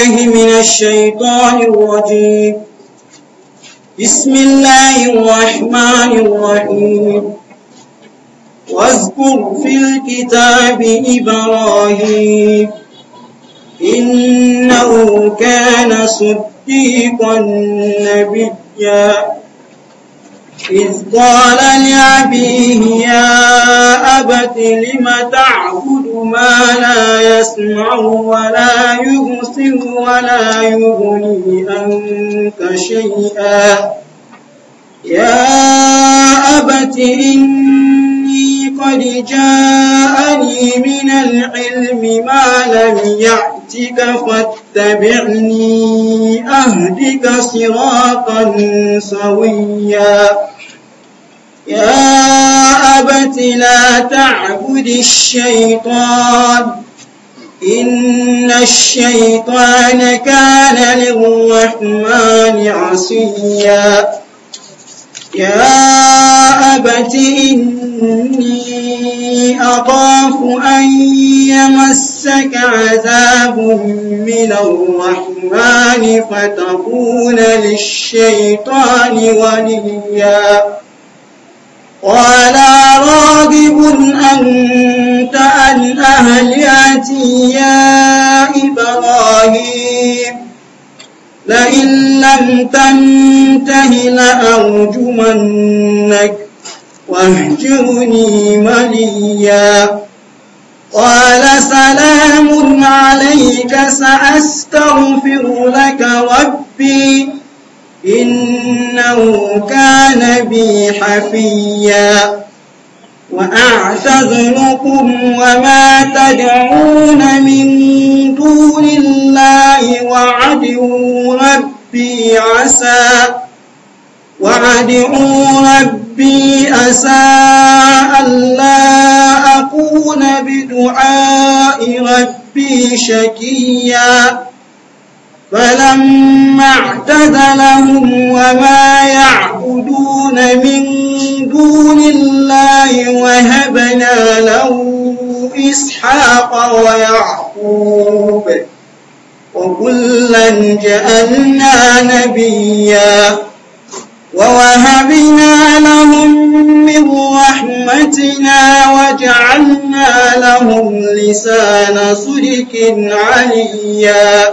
الله من الشيطان الرجيم بسم الله الرحمن الرحيم واذكر في الكتاب إبراهيم إنه كان صديقا نبيا إذ قال لأبيه يا أبت لم تعبد ما لا يسمع ولا يبصر ولا يغني عنك شيئا يا أبت إني قد جاءني من العلم ما لم يأتك فاتبعني أهدك صراطا سويا يا أبت لا تعبد الشيطان إن الشيطان كان للرحمن عصيا يا أبت إني أخاف أن يمسك عذاب من الرحمن فتكون للشيطان وليا ولا راغب أنت عن ياتي يا إبراهيم لئن لم تنته لأرجمنك واهجرني مليا قال سلام عليك سأستغفر لك ربي إنه كان بي حفيا وأعتذركم وما تدعون من دون الله وعدوا ربي عسى وعدوا ربي عسى ألا أكون بدعاء ربي شكيا فلما اعتزلهم وما يعبدون من دون الله وهبنا له إسحاق ويعقوب وكلا جعلنا نبيا ووهبنا لهم من رحمتنا وجعلنا لهم لسان صدق عليا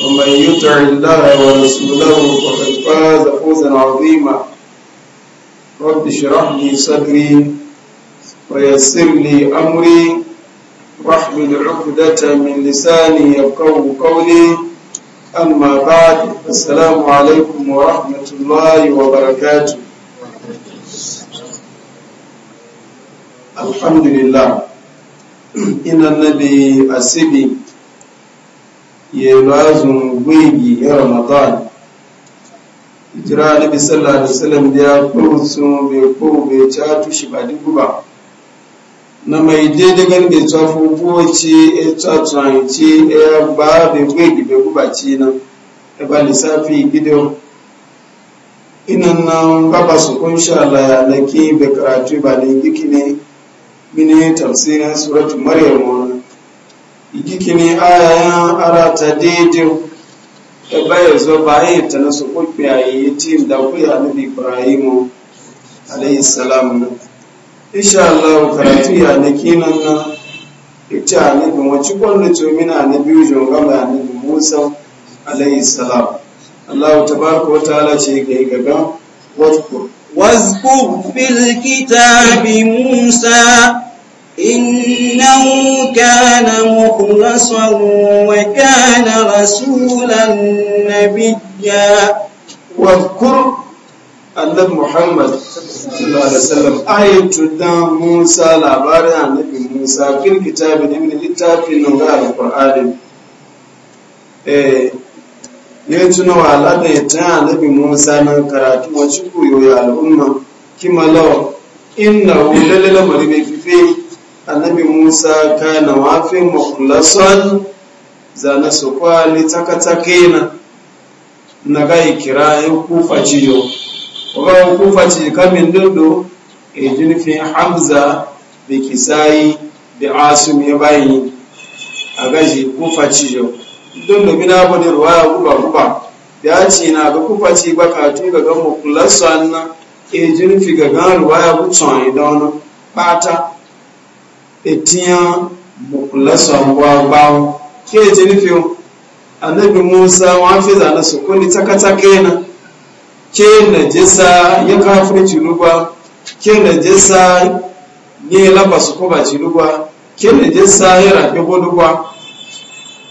ومن يطع الله ورسوله فقد فاز فوزا عظيما رب اشرح لي صدري ويسر لي امري واحمل عقدة من لساني يفقه قولي اما بعد السلام عليكم ورحمة الله وبركاته الحمد لله إن النبي أسبي ya lazun gwegi ya ramadan jira na bisallah da salam da ya kurutsu bai ko bai catu shi ba duk ba na mai daidai gan bai tafu buwaci ya catu hanci ya ba bai gwegi bai gubaci na. ya ba lissafi gidan inan nan gaba su kunsha lalaki bai karatu ba da giki ne mini tafsirin suratun maryam ikikini ayayan arata daidai da e baya zo bayan ta na su kuɓe a yi tim da kuya na ibrahimu alayhi salam na insha Allah karatu ya na kinan na ita annabi wacce kwallo ce mina na biyu jongama annabi musa alayhi salam Allah tabaraka wa ta'ala ce ga gaga Wasu واذكر في الكتاب موسى إنه كان مخلصا وكان رسولا نبيا واذكر annabi muhammad sallallahu alaihi wasallam ayatu da musa labarin annabi musa fil kitabi ne min littafin nan ga alqur'ani eh ne tuna wa alada ya ta annabi musa nan karatu wa shi koyo ya al'umma kimalaw inna hu lalala mari ne fife annabi musa kana wafin makulason zana su kwali takatake na na yi kira ya kufa ciyo rawar kufa ci kamin dindo e jinfin hamza da kisayi da asum ya bayi a gaji kufa ciyo dindo mina bude ruwaya guba guba ya ce na ga kufa ci bakatu ga gan makulason na e jinfi ga gan ruwaya gutsuwa idan bata etiyan mukulasan gwagbawo ke ji nufin annabi musa wa fi zane su kuli takataka yana ke najisa ya kafin cinuba ke najisa ne laba su kuma cinuba ke najisa ya rafi guduba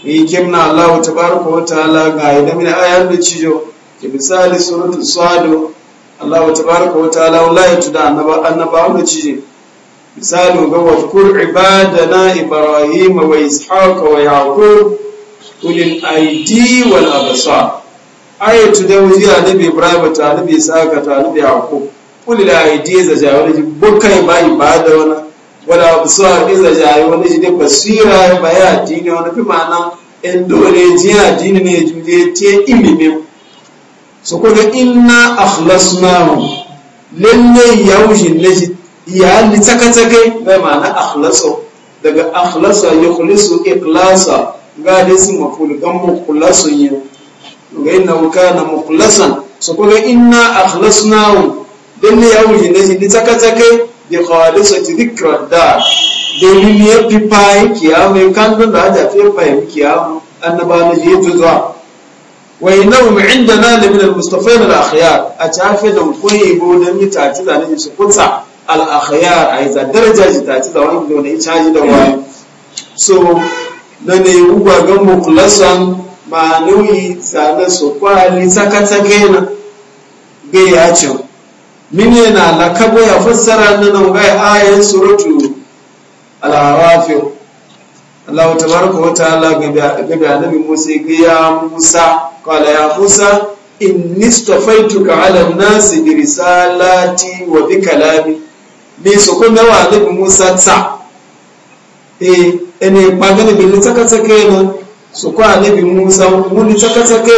yi kimna allahu tabaraka wa ta'ala ga idan mina ayar da cijo ke misali suratul sado allahu tabaraka wa ta'ala wala ya tuda annaba annaba da misalu ga wadkur ibadana ibrahim wa ishaq wa yaqub ulil aidi wal absa ayatu da wuji annabi ibrahim ta annabi ishaq ta annabi yaqub ulil aidi za ja wani bukai ba ibada wani wala absar za ja wani ji da basira ba ya dini wani fi mana en dole ji dini ne je te ilimin su kuma inna akhlasnahu lalle yawjin laji iyali ni tsaka mai ma'ana akhlasa daga akhlasa ya khulisu ikhlasa ga dai su mafulu don mukulasun ne ga ina wuka na so su kuma ina akhlasna dan ne yawo ne shi ni tsaka-tsaka da kawalisa ti dikra da domin ya pipai ki kiyamu mai kan da aja fi ki kiyamu annaba na ji fi zuwa wai nau mu inda na limin al-mustafa na akhyar a tafi da kun yi bo don ta tati da ne su kunsa al'akhayar a yi za daraja ta ci da wani da wani caji da wani so na ne ugwa gan mukulasan ma nauyi zane su kwali tsaka na bai ya ce mini yana na kabo ya fassara na nan gai ayan surutu al'arafi Allah ta baraka wa ta'ala ga annabi Musa ya Musa qala ya Musa inni stafaituka 'ala an-nasi bi risalati wa bi kalami bai soko mewa annabi musa ene pagani bi litaka taka yana soko annabi musa mu litaka taka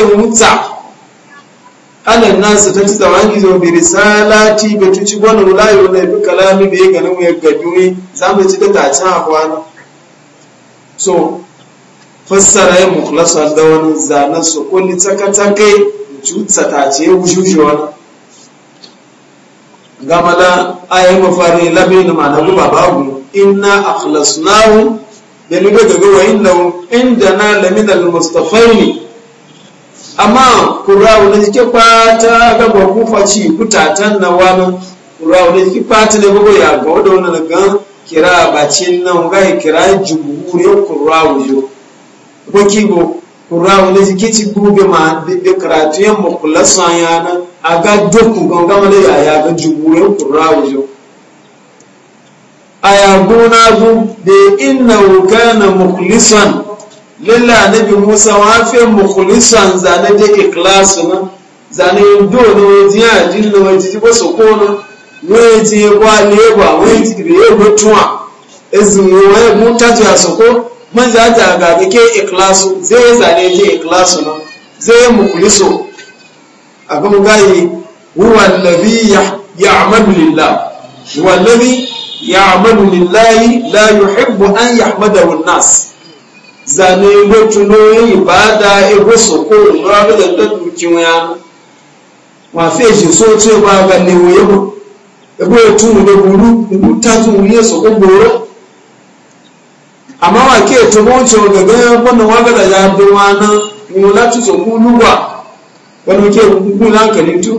nasu ta ci tsawon gizo bi risalati ba ci ci wani wulayi wani ya fi kalami da ya gani mu ya gaduwi mu ci so fassara ya mukhlasu da wani zanen su ko litaka taka gamala ayi mafari labi na mana guba babu inna akhlasnahu da ni daga ga wayin inda na lamin al mustafaini amma kurawu ne ke kwata ga babu faci kutatan na wani kurawu ne ke kwata ne babu ya ga wadda wannan ga kira bacin nan ga kira jumhuriyar kurawu yo ko kibo kurawo ne ji kici gube ma be karatu yan mu kulasa yana aga doku gangama ne ya ga jubure kurawo jo aya gona bu de innahu kana mukhlisan lalla nabi Musa wa fi mukhlisan zane de ikhlas na zane do no ji ajin no ji bo so ko no we ji e gwa le gwa we ji be e gwa tuwa ezin we mu ta asoko man za ta ga ke Ikilasu, zai zane ke Ikilasu nan zai mukhliso abin gayi huwa ya amadu lillah huwa ya amadu lillahi la hibbu an yahmadahu wun nas zane go tuno ba da go so ko abin da dukin ya fi shi so ce ba ga ne wo yebo ebo etu da buru buru tatu so ko gboro amma wà ke ètò wọn ti rò gẹ́gẹ́ bọ́nà wọn gbọ́dọ̀ ya bí wọn aná inú láti sòkú lúwà wọn kí èkó kúkú láǹkàní tó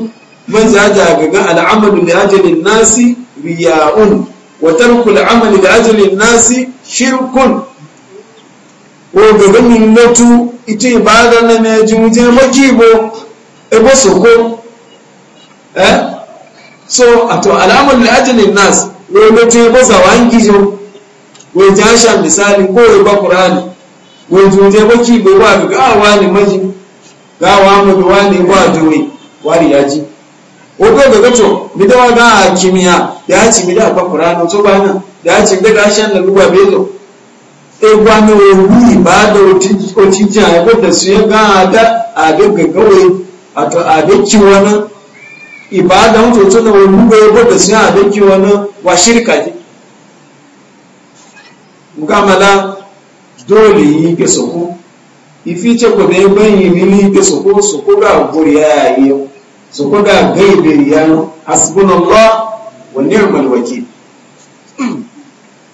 mọ́tì ajá gẹ́gẹ́ nasi lè ajẹ́lẹ̀ ku rìyàún wọ́tẹ́rùkù làámọ̀lù lè nasi náàsì ko wọn gẹ́gẹ́ mi ita yi ìbáradà na ẹ̀jùn jẹ́ makibo ìbò ẹgbọ́ ko eh? so a to lè ajẹ́lẹ̀ náàsì wọn lọ́tú ẹgbọ́ ya á wa kíjọ wai jasha misali ko wai ba qur'ani wai juje baki bai wa bi gawa ne maji gawa mu da wani ba da wai wari yaji o ko ga gato mi da ga kimiya da ya ci mi da ba qur'ani to ba nan da ya ci da gashan da ruwa bai zo e gwa ni o wi ba da o ti ji ko da su ya ga da a da gaggawa a to a da ki wani ibada mutu tuna wani ruwa ya ko da su ya da ki wani wa shirka ji mukamala dole yi ke soko ifi ce ko be banyi yi ke soko soko ga gori ya yi soko ga gaibe ya no hasbunallah wa ni'mal wakil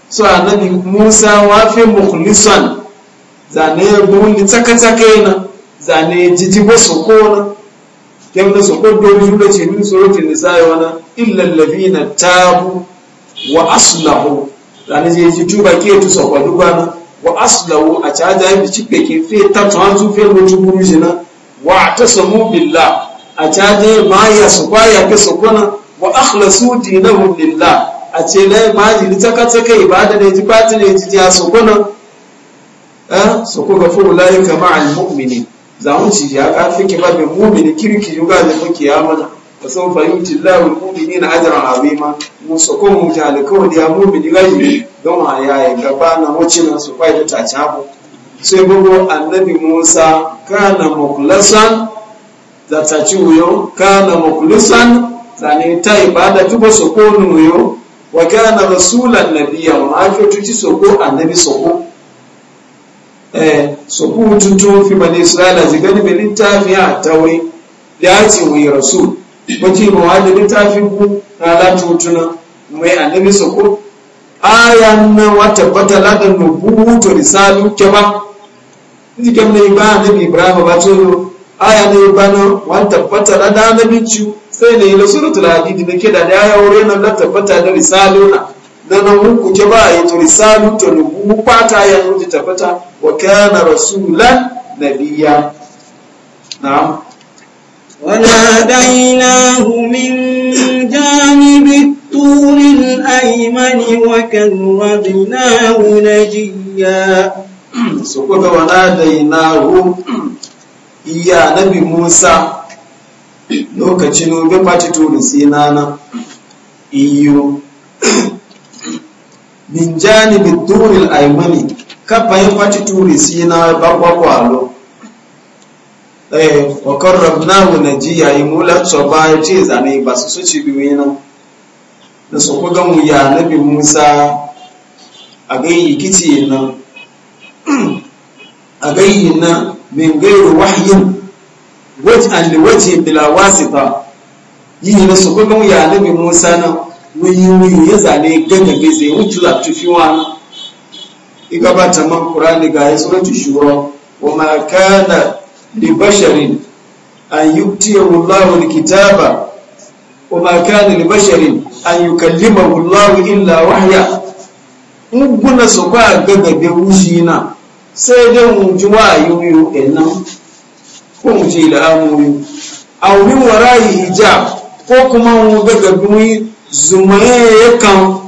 so anabi Musa wa fi mukhlisan zane bulli tsaka-tsaka na zane jijibo soko na kem da soko dole da ce min suratul nisa yana illal na tabu wa aslahu tani zai tutu tuba ke tu sakwa na wa aslawu a caja yi bici ke fe ta tuwan tu fe mutu buru zina wa ta samu billa a caja ma ya su kwaya ke kwana wa akhlasu dinahu lillah a ce yi ma ji ni taka taka ibada ne ji bata ne ji ya sakwana eh sako ga fu laika mu'mini za zamu ci ya ka fi kima be mu'mini kirki yi da fuki ya mana فسوف يؤتي الله المؤمنين اجرا عظيما مسكون مجالكو يا مؤمن غيري don yayin gaba na wucin su kwai da tacabu sai gugu annabi musa kana za ta taci wuyo kana mukulasan zane ta ibada tuba soko nuyo wa kana rasulan nabiya ma ake tuci soko annabi soko eh soko tuntun fi bani isra'ila jigani ta littafi a tauri ya ce wuyi rasul wace ba wa da littafin ku na lati hotuna mai annabi sako ayan na wata bata ladan nubutu risalu ke ba ni ke mai ba annabi ibrahim ba to aya ne na wata bata ladan annabi ci sai ne ila suratul hadid ne ke da aya wuri nan da tabbata da risaluna na nan muku ke ba yi to risalu to nubu pata ya nuji tabbata wa kana rasulan nabiyya na'am وناديناه من جانب الطور الأيمن وكربناه نجيا سقط وناديناه يا نبي موسى lokacin obe kwaci turu sinana iyo min janibin turil aimani kafayin kwaci turu sina bakwakwa lo Eh, wakar rabnahu na ji yayi mula coba ya ce zane ba su biyu mu ya musa a gayi kici nan a gayi nan min gairu wahyin waj'al bila wasita yi na mu ya nabi musa nan wuyi wuyi ya zane gaga gaza ya wuce za tufi wani igabata man kurani ga ya suratu shura wa ma libasharin an yubtiyahu Allahu alkitaba wama kana libasharin an yukallimahu Allahu illa wahya muguna su kwa gagabe wujina sai dai mu ji wayuyu ɗannan ko mu ce da amoyu a wurin warayi hijab ko kuma mu gagabe mu zumaye yakan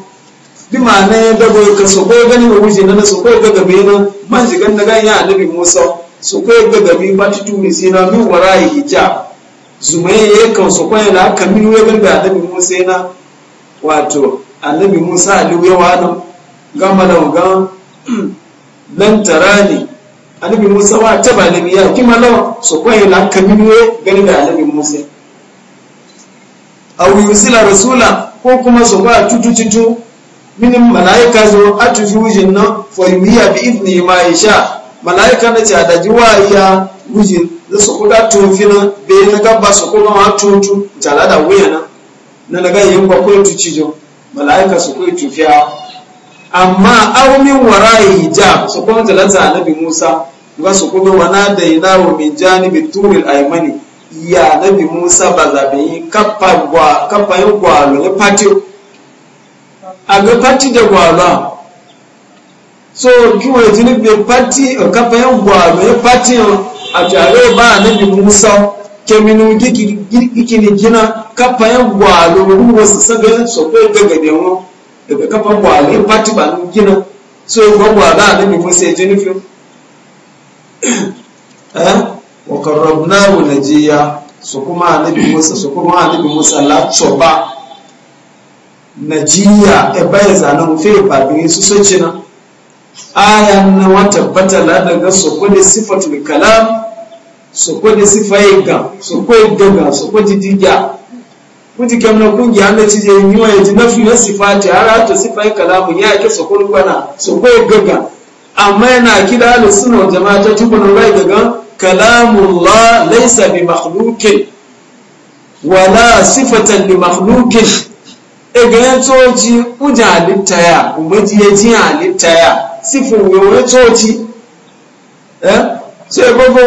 bi ma ma'ana ya dabo ka su kwa gani wa wujina na su kwa gagabe na man jigan na ganya annabi musa su kai ga gabi ba ta tuni sai na min wara yi hija zumai ya kan su kai na aka min ya ganda annabi musa na wato annabi musa aliyu ya wani gama da gan nan tara ne annabi musa wa ta ba nabi ya kima lawa su kai na aka min ya ganda annabi musa aw yusila rasula ko kuma su ba tutututu min malaika zo atuju jinna fa yumiya bi izini ma sha. malaika na ci adaji waya guji da su kuda tofi na bai na gaba su kuma ma tutu jala da wuya na na daga yin ba tuci jo malaika su kai tufiya amma aunin warayi wara'i hijab su kuma jala ta annabi Musa ba su kuma wana da ina mai jani janibi turil aymani ya nabi Musa ba zabe yi kafa yin gwalo ne patio a ga pati da gwalo so kiwa ya jini bai fati a kafa yan gwaro ya fati a jare ba a nabi musa keminu gikini gina kafa yan gwaro ruwa su saga sokwe daga dewo daga kafa gwaro ya fati ba gina so ya gwa gwaro a nabi musa ya jini fiyo wa karrabna najiya su a nabi musa a nabi musa zanen ba biyu ayan na wata batala daga sokode sifatul kalam sokode sifaye ga sokode daga sokode diga kuti kamna kungi anda chije nyuma ya jinafi na sifati ara to sifai kalamu ya ke kwana su sokode gaga amma yana kida ala sunna wa jama'a ta tuba na rai daga kalamullah laysa bi makhluqin wala sifatan bi makhluqin e ga yantoji uja littaya umaji ya ji halittaya sífùrù wèwúrẹ́ tóòtì ẹ́ tí ẹ gbogbo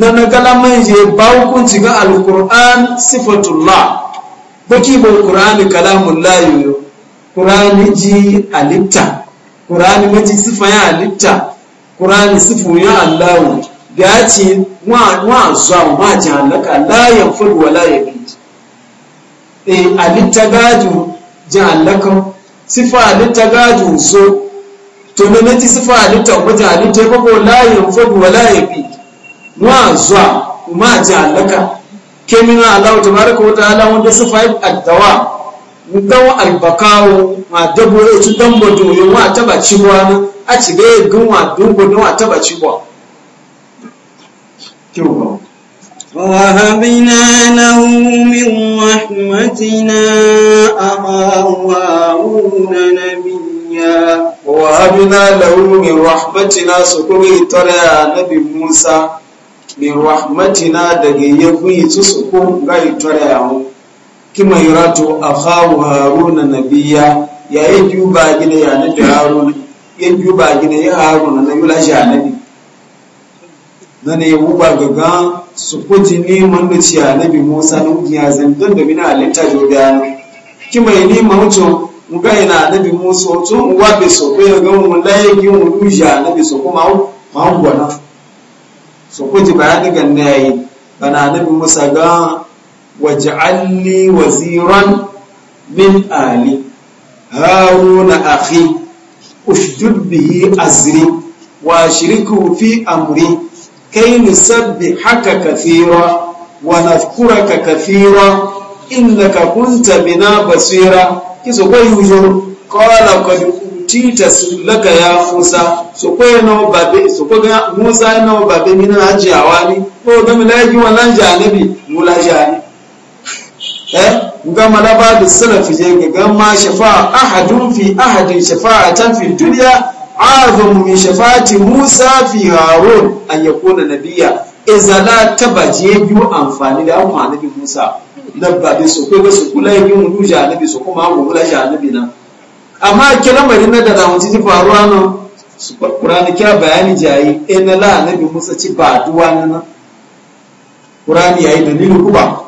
nana galama yẹ báwùkún ti gan alukur'an sífàtúlá bókì bò kur'an kalamula yoyo kur'an ji alitta kur'an méjì sífàyà alitta kur'an sífùyà aláwọ̀ gàtì wọn àzọ àwọn máa jẹ àlàkà láyà fọlù wà láyà bìí e alitta gàdù jẹ àlàkà sífà alitta gàdù so. to na ti sifa halitta wajen halitta ba ko layin fogu wala layin bi mu zuwa ma ja halaka ke min Allah tabaraka wata ala wanda sifa addawa dawa albakawo ma dabo ya ci dan bodo ya wa ci ciwa na a ci be gun wa dun bodo wa taba ciwa ووهبنا له من رحمتنا أخاه هارون نبيا زكريا ووهبنا له من رحمتنا سكوي ترى نبي موسى من رحمتنا دقي يكوي تسكو غاي ترى كما يراتو أخاه هارون نبيا يا يجيو باجنا يا نبي هارون يجيو باجنا يا هارون نبي لا ba nana ya wuba gaga su kuji neman da ciya na musa na ci ya zan don da mina halitta jo kima ya nema nga ina anabi musa otu ngwa so ko yoga mu ndaye gi mu duja anabi so kuma ma ngwana so ko ti bayani ga nayi bana bi musa ga waj'alni waziran min ali haruna akhi ushdud bihi azri wa shiriku fi amri kay nusabbihaka kathira wa nadhkuraka kathira innaka kunta bina basira kiso kwa yujo qala qad tita sulaka ya musa so kwa no babe so kwa musa no babe mina aje awani ko da milaji wannan janibi mula jani eh ga malaba da salafi je ga ma shafa'a ahadun fi ahadin shafa'atan fi dunya azamu min shafa'ati musa fi harun an yakuna nabiyya izala tabaje biyu amfani da amfani musa dabba bi su ko su kula yin wudu janabi su kuma ko kula janabi na amma kira mari na da zamu ji faruwa nan su qur'ani kira bayani jayi in eh, la nabi musa ci ba duwa nan qur'ani yayi dalilin kuba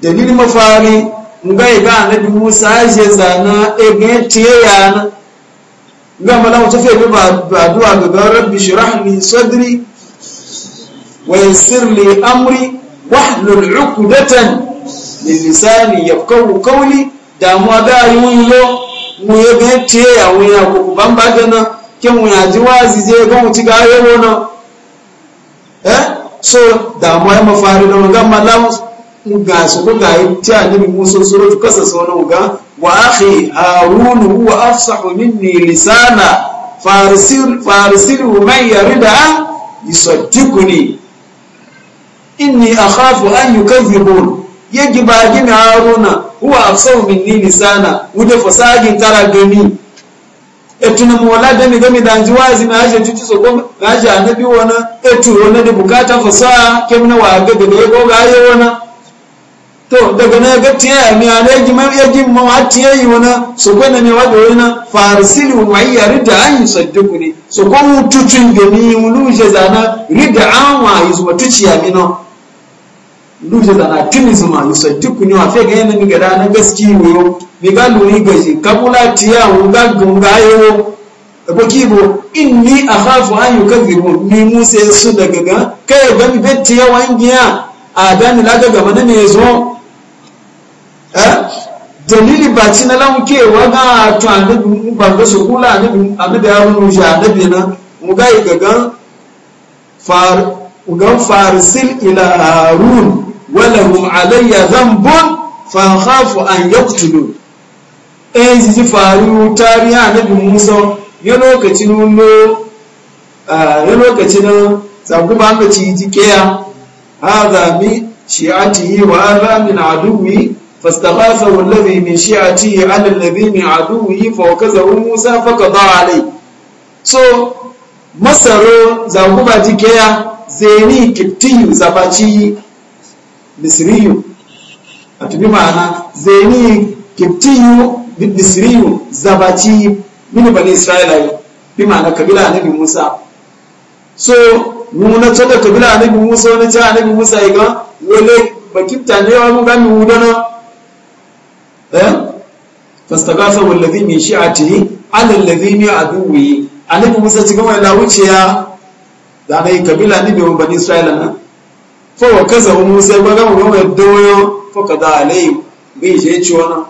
dalilin mafari ngai ga annabi musa je zana e eh, ga tiyana gama lamu ta fi ba duwa ga ga rabbi shrah li sadri wa yassir li amri wahlul 'uqdatan lisani yafkahu qawli da mu ga yun yo mu ye be te ya mu ya ko ban ba da na ke mu ya ji wazi je ga mu ci ga ye wono eh so da mu ya mafari da ga malam ga su ko ga ti annabi musa sura kasa so na ga wa akhi harun huwa afsahu minni lisana farsil farsil man yarida yusaddiquni inni akhafu an yukadhibun yegi ba gini haruna huwa a afsahu minni lisana wude fasaji tara gani etuna mola dani gami da ji wazi na aje tuti so goma na aje annabi wana etu wana da bukata fasaha kemna wa ga da go ga ye wana to daga na ga tiya mi ana yegi mar yegi ma wa tiya yi wana so ko na mi wa do wana farsilu wa ya rida an yusaddiquni so ko mututun gani mu muluje zana rida an wa yusu tuci ya mino da zana tuni zuma yusaddiku ni fe ga yana ni gada na gaski wuyo ni ga luri gaji kabula tiya ga gunga yo aboki bo inni akhafu an yukadhibu ni musa su daga ga kai ban mi betti ya wangiya a ni laga ga na ne zo eh dalili ba ci na lamu ke wa ga to annabi ba ga su kula an da ya runu shi bi na mu ga ga far ugan farsil ila harun walahum alayya dhanbun fa khafu an yaqtulu eh ji faru tarihi annabi Musa ya lokacin nuno ya lokacin zaku ba ka ci jikeya hadha min shi'atihi wa hadha min aduwi فاستغاثه الذي من شيعته على الذي من عدوه فوكزه موسى فقضى عليه so masaro zaguba jikeya zeni kiptiyu zabaci misriyu a tubi ma'ana zeni kiptiyu misriyu zabaci mini bani isra'ila bi ma'ana kabila annabi musa so nuna coka kabila annabi musa wani ci annabi musa ya ga wale bakipta ne wani gami wudana eh fastagasa wallazi min shi'atihi ala a min aduwi annabi musa ci gama wuce ya? da yi kabila wani bani isra'ila na fọwọ́ kẹsẹ̀ ọmọ musa ẹgbẹ́ káwọn ọmọ ẹdọ́wọ́ fọkàdá àlẹ́yìn bí ìṣe é ciwọ́ náà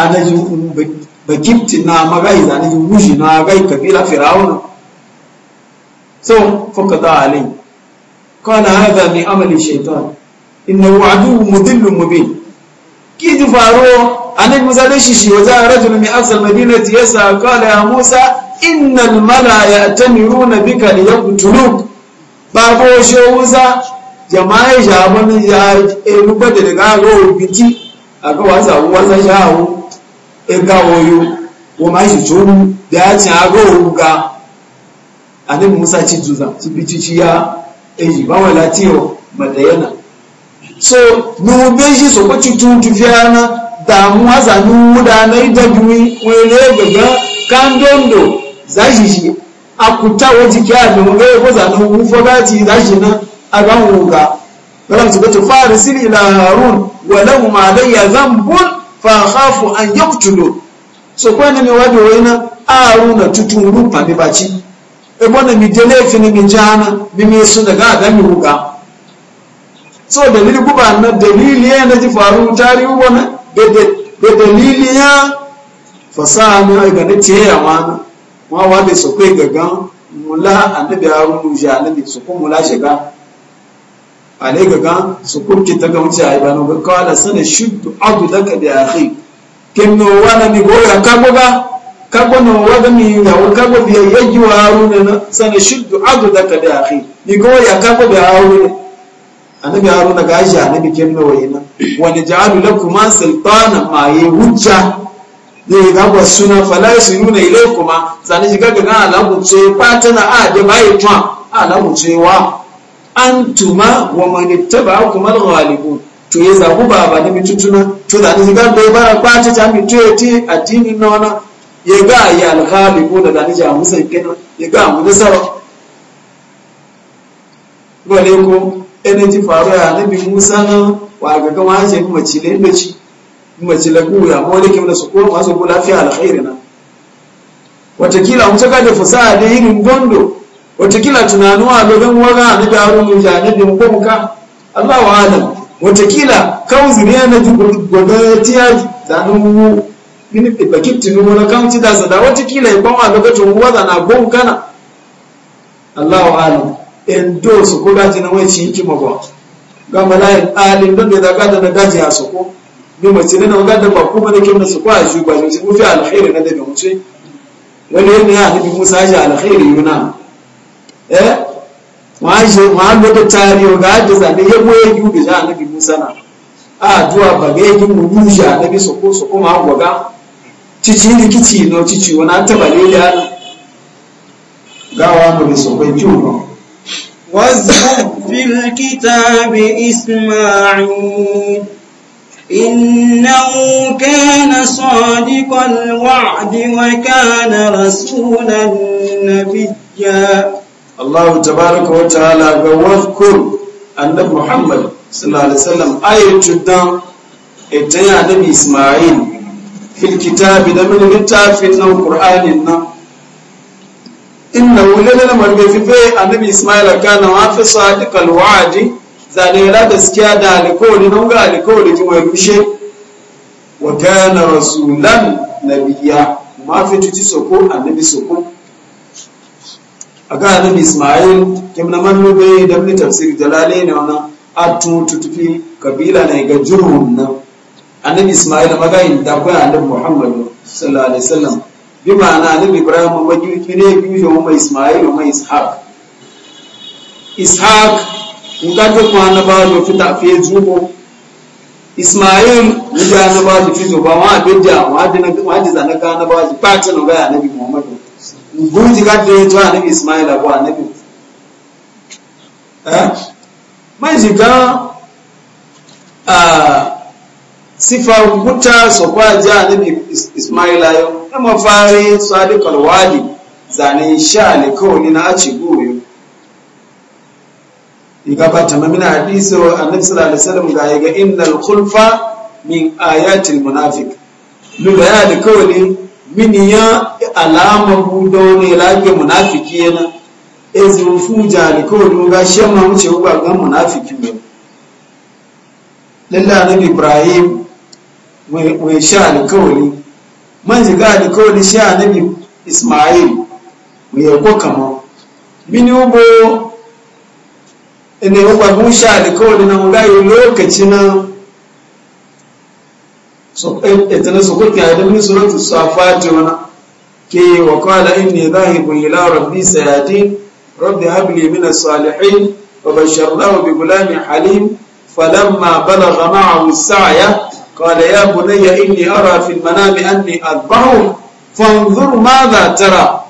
anaji bagipti na magai zanaji wuji na gai kabila firawuna so fọkàdá àlẹ́yìn kọ́nà hàdà ní amali shaitan inna wàdú mudillu mubin kí ti faro anaji musa dai shishi wajen rajulun mai asal madina tiyasa kọ́nà ya musa innal mala ya runa, bika liyaqtuluk bàbá oṣù wúsá jama'a ìṣàbọ̀ ní ìyá ẹnu gbọ́dẹ̀ ní káàkó òbí tí àkọwàsá wúwásá ṣáàwó ẹgbà oyo wa máa shi tó da ya ci ago òwúga àní musa ci zuza su bí títí ya èyí báwọn láti ọ̀ màdàyẹ́nà so ní wọ́n bẹ́ ṣe sọ̀kọ́ tuntun tu fi ana dààmú àzà ní wúdà náà ìdàgbìmí wọ́n eré gbẹ̀gbẹ́ akuta wati kyani unge koza no ufogati dashina agangunga balam tibatu farisil ila harun wa lahum alayya dhanbun fa khafu an yaqtulu so kwani mi wadi wena aruna tutunguru pande bachi e bona mi delefi ni mijana bimi su daga adami uga so dalili kuba na dalili ya na jifaru tari ubona be dalili ya fasaha ne ga ne tiya wọn wá lè sọ pé gangan mula anabi arun ṣe anabi sọkó mula ṣẹga ale gangan gan ṣe àìbánu bẹ kọ́ ala sani ṣubu abudaka de ahi kẹmínú wa nani wọ́n yà kágbó náà wọ́n bẹ mi ìyàwó kágbó bi yẹ ju arun nana sani sultana ma zai ga ba suna fala su nuna ilai kuma zane shiga ga na alamu ce fata na a da bayi tuwa alamu cewa an tuma wa manita ba kuma galibu to ya zagu ba ba ne mitutuna to zane shiga da ya bara fata ta mitu ya ti addini na nona ya ga ya alghalibu da zane shiga musan kenan ya ga mu nasara gole ko energy faruwa na bi musa na wa ga gama ce kuma cile da mace lagu ya ko da kimna su ko masu ko lafiya alkhairi na watakila mun ka da fasaha da irin gondo watakila tunanuwa gaban waga na garu mun ja ne mu ko muka Allah wa alam watakila kawzi ne na gobe tiya Mun mu ni pakiti mun na kawci da sada watakila ya kwanwa lokacin waza na gon kana Allah wa alam do su ko da wai ci hikima ba ga malayin alim don da zaga da na gaji a su ko ni mace na ga da ba ko ba nake musu ko a shi ba ne mu fi alkhairi na daga muce wani ne ya nabi Musa ya alkhairi yuna eh ma shi ma lo tari o ga da zane ya boye za na bi Musa na a duwa ba ga yin mu da bi so ko su kuma gwaga cici ni kici no cici wana ta bale ya gawa mu so kai ciwo واذكر في الكتاب إسماعيل إنه كان صادق الوعد وكان رسولا نبيا الله تبارك وتعالى واذكر أن محمد صلى الله عليه وسلم آية جدا اتنى نبي إسماعيل في الكتاب من الكتاب القرآن إنه لنا من في النبي إسماعيل كان وافي صادق الوعد da ne ra gaskiya da alkawari don ga alkawari ji mai rushe wa kana rasulan nabiyya ma fi tuti soko annabi soko aga annabi ismail kim na man lobe da mun tafsir jalale ne wannan atu tutufi kabila ne ga jurhum nan annabi ismail maga inda ko annabi muhammad sallallahu alaihi wasallam bi ma'ana annabi ibrahim ma ji kire bi shi ma ismail ma ishaq ishaq ngajo ko annabajo fita fe zubo ismail ngajo annabajo fito ba ma bidda ma dina ma dina na ka annabajo pata no ga annabi muhammadu ngunji kati de to annabi ismail ko annabi eh mai jiga a sifa guta so kwa ja annabi ismail ayo na mafari sadiqal wali zane sha ne kawai na ci gabata ma mina hadisi wa annabi sallallahu alaihi wasallam ga yaga innal khulfa min ayatil munafiq lu bayani kawai Min ya alama budo ne lage munafiki yana ezu fuja ne kawai ga shemma wuce ba ga munafiki ne lalla nabi ibrahim we sha alkawali man ga alkawali sha nabi isma'il ne ko kama Min ubo ina yi gwagun sha da kawai na magayi lokaci na etanin su kuke a dabin suratu safati wana ke wa kala inni zahibun ila rabbi sayati rabbi habli min as-salihin wa basharnahu bi gulamin halim falamma balagha ma'ahu as-sa'ya qala ya bunayya inni ara fi al-manami anni adbahu fanzur madha tara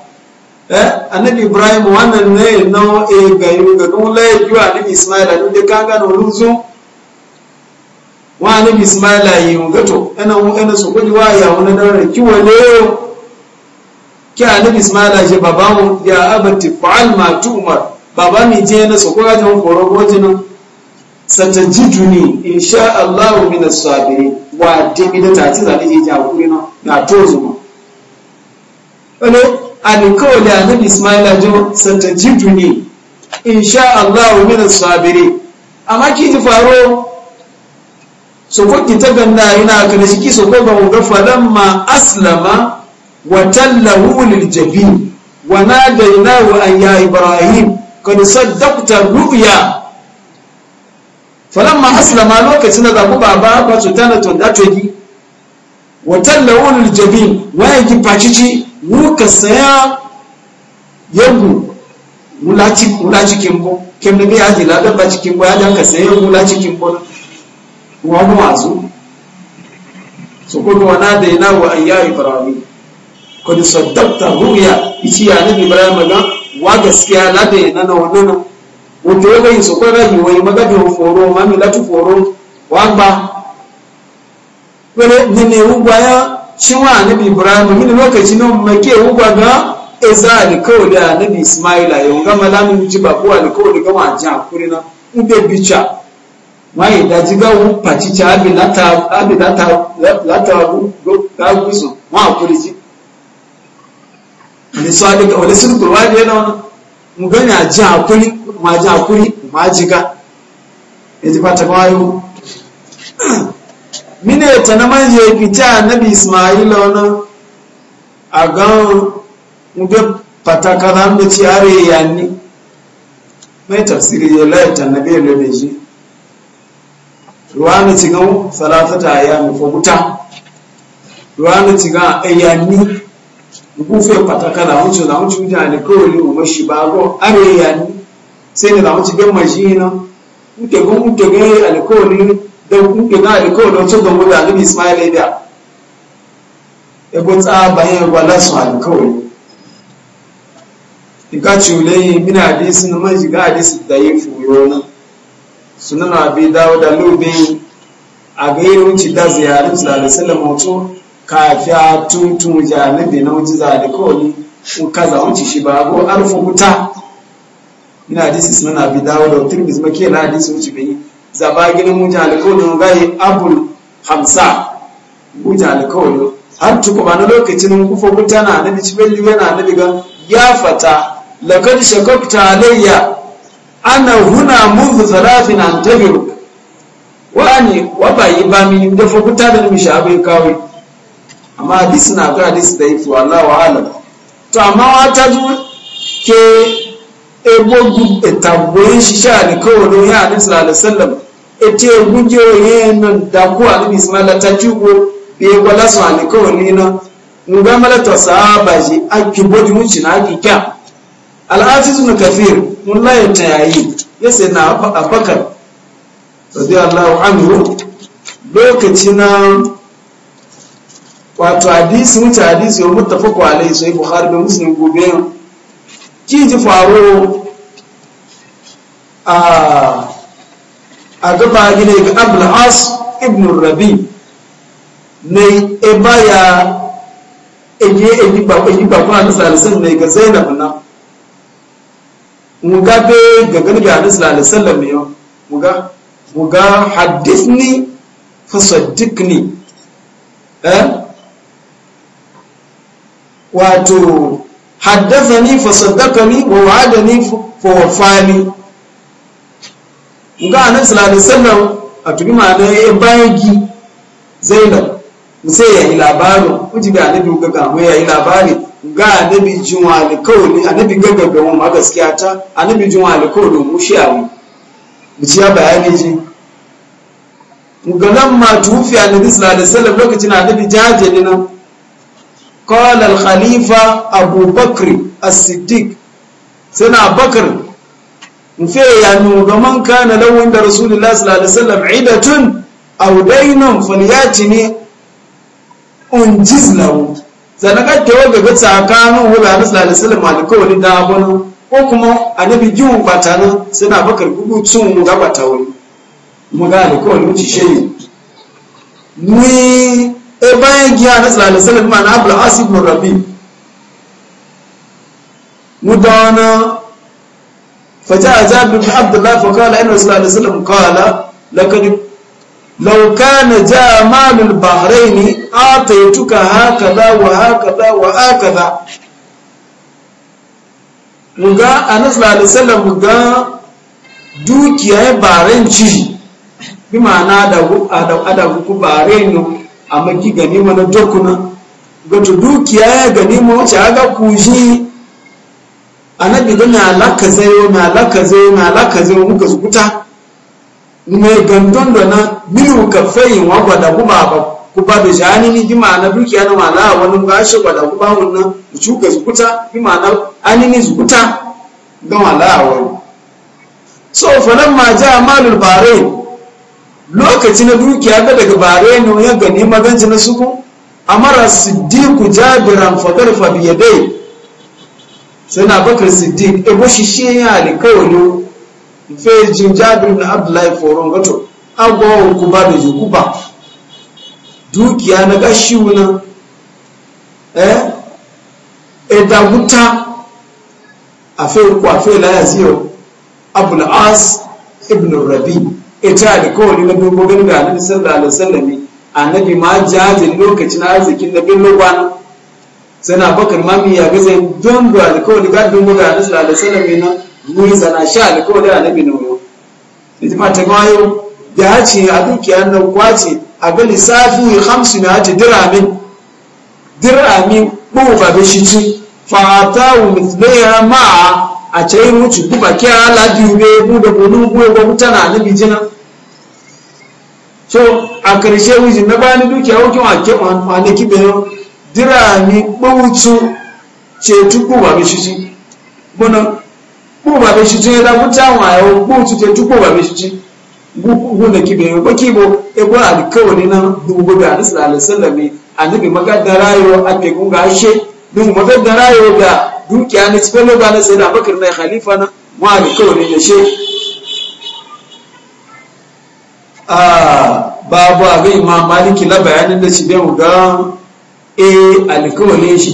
Eh? annabi ibrahim wannan ne na e gayu ga kun laye biyu annabi ismaila duk da kan gano luzo wa annabi ismaila yi mu gato ana mu ana su kudi wa ya wani dan raki wale ki annabi ismaila je baba mu ya abati fa'al ma tumar baba mi je na su kuga jan koro gojin satajiduni insha Allah min as-sabirin wa dimi da tati za ta je ja kuri na na tozo ma kawai da annabi ismaila jo sata jitu ne insha Allah min sabiri amma ki ji faro so ko ki ta ganda yana ka da shi so ko ba ga ma aslama wa tallahu lil jabin wa nadaynahu an ya ibrahim kad saddaqta ru'ya ma aslama lokacin da ku baba ba to tana tunda to gi wa tallahu lil jabin wa ki pacici wuka saya yagu wula cikin ko kem da bai yaji ladar ba cikin ko ya dan ka saya wula cikin ko wa mu azu so ko wana da ina wa ayya ibrahim ko ni saddaqta ruya ichi ya nabi ibrahim ga wa gaskiya na da ina na wannan wato ya bai so ko yi wai magabin foro ma mi latu foro wa ba wani ne ne ugwa ya cewa annabi ibrahim mini lokaci nan make wuba ga eza alikawali annabi ismaila yau ga malamin ji ba ko alikawali ga wajen hakuri na ube bicha wani daji ga wu pacica abi lata gagu su wa hakuri ji wani su alika wani sun kurwa da yana wani mu gani a ji hakuri ma ji hakuri ma ji ga ya ji fata kwayo mine ta na manje fice annabi ismaila wani a gan da pataka na mu ci ya ni mai tafsiri ya laita na bai labe shi ruwanu ci gan salatata ya mu foguta ruwanu ci gan ayanni gufe fataka da wuce da wuce mutane kawai ba mashi bago ya ni sai na wuce gan mashi muke gan muke gan alkawari don kuke na da kawai don da wuda nabi ismail ya ya ko tsaba bayan yagwa lasu a kawai ika yi mina hadisi na maji ga hadisi da yi fuyo na sunan abi dawo da lobe a ga yi wuce da ziyarar sallallahu da wato kafi a tuntun janibi na wuce za da kawai in kaza wuce shi ba ko arfa wuta mina suna na abi dawo da turmi zama ke na wuce bai zabagin mutane kawai gai abul hamsa mutane kawai har tuku ba na lokacin kufa mutana na bicibelli yana na diga ya fata lakad shakakta alayya ana huna munzu salafin an tabiru wani wabayi ba mi da fa mutane da mishabe kawai amma hadisi na ga hadisi da yake wallahi wa ala to amma wata ju ke ebogun etaboyin shi sha ni kawai don ya hadisi sallallahu alaihi wasallam ete guje yeno da ku alibi ismaila ta jugo be wala so ani ko lino nga mala to sahaba ji aki boji muci na aki kya al-aziz ibn kafir wallahi tayayi yace na abakar radiyallahu anhu lokaci na wato hadisi wuce hadisi yau mutafaku alai sai bukhari da muslim gobe ki ji faro a a gaba gina ga abulhas ibn rabi ne e baya eje eji gbakwa e na salisan ne ga zainab na muga be ga gani ga hadis la sallam muga muga hadithni fa saddiqni eh wato haddathani fa saddaqani wa wa'adani fa wafani Nga anan sallallahu alaihi wasallam a ma na ya bayan gi zainab musa ya yi labarin kuji ga annabi ga gamu ya yi labarin ga annabi jinwa alkawli annabi gaga ga mu ma gaskiya ta annabi jinwa alkawli mu shi awu bici ya bayani ji ga ma tufi annabi sallallahu alaihi wasallam lokacin annabi jaje ne nan qala al khalifa abubakar as-siddiq sai na bakar mufe ya nuna ga man kana lawin da rasulullah sallallahu alaihi wasallam idatun aw dainan falyati ne un jizlawu zanaka tewa gaga kanu wula rasulullah sallallahu alaihi wasallam alkawari da bano ko kuma annabi jiwu bata nan sai na bakar gugu tun mu ga bata wuri mu ga alkawari mu ci shayi ni e bayan giya rasulullah sallallahu alaihi wasallam na abul asib rabi mu فجاء جابر بن عبد الله فقال ان رسول الله صلى الله عليه وسلم قال لقد لو كان جاء مال البحرين اعطيتك هكذا وهكذا وهكذا muga anas la alisalam muga dukiyar baren ci bi ma'ana da ku bare ne a maki ganima na dokuna ga dukiya ya ganima wacce aga kuji annabi da na lakaze na lakaze na lakaze muka zukuta mai gandon da na minu kafayin wa gwada kuma ba ku ba da shani ni gima na dukiya na mala wani gashi gwada ku ba wannan nan cuka zukuta gima na anini zukuta ga mala wani so falan ma ja malul bare lokaci na dukiya da daga bare ne ya gani maganci na suku amara siddiqu jabiran fadar ya biyadai suna bakar siddiq ebo shi shi ya alikawali fe jin jabir da abdullahi foron gato agbawo kuba da jokuba dukiya na gashi wuna eh edaguta a fe ku a fe la yaziyo abul as ibn rabi ita e alikawali na dogon ganin da annabi sallallahu alaihi wasallam annabi ma jajin lokacin arzikin da bin lugwana sana bakar mami ya gaza don ba alkawali ga dun muga na da alaihi mai na mun sana sha alkawali annabi ne yo ita ma ta gwayo ya ce a dukiya nan kwace a ga lissafi ya hamsu na ce diramin diramin ɓofa da shi ci fata wa mitlaya ma a ce yi mutu duba kya ladi ne ya da kunu ku ya wuta na nabi jina so a ƙarshe wujin na bani dukiya wakin wa ke wani kibe yau dirami ɓautu cetu ko ba shi muna ko ba shi ce da mutawa ya cetu ko ba shi kibe ya na dubu ga anas sallallahu maka dara rayo ake gunga ashe maka dara da dukiya na cikin na sai da bakar na khalifa na wa alkawari ne she a ah, babu abin ma maliki la da shi bai mu ga eh alkawalin shi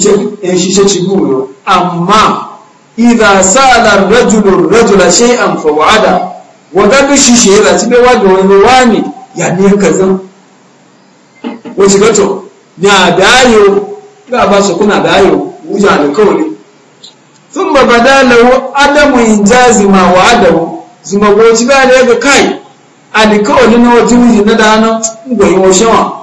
ta ci guro amma idha sala rajulun rajula shay'an fa wa'ada wa gadu shi tibe wa da wani wani ya ne kazan wace gato na dayo ga ba su kuna dayo wuja alkawali sun ba bada lahu adamu in jazima wa adamu zuma goci ba da ya ga kai alkawali na wata wuji na dana goyi wa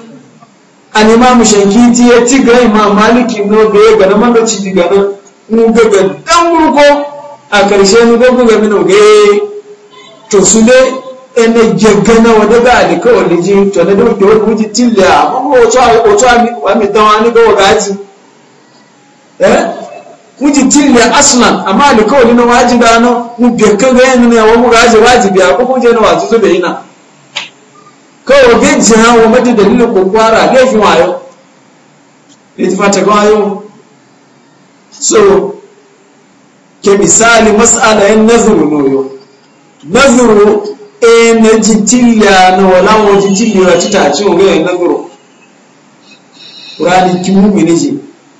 alimamu shankiti ya ci ga imam maliki no ga ya gana maka ci ga nan mu ga ga dan gurgo a karshe mu ga ga mino ga to su ne ene jagana wa daga alika wani ji to na dauke wani wuji tilla amma wato wato wa mi tawani ga wagaji eh wuji tilla aslan amma alika wani na waji da no mu be ka ga yana ne wa mu gaji wajibi a ko je na wajibi da ina kawai gajin hawa mata dalilin kwakwara laifin wayo ne ta fata wayo so ke misali matsala yin nazaru noyo nazaru e eh, na jitiliya na walawo jitiliya ci ta ci ogayen nazaru ƙurani kimu miniji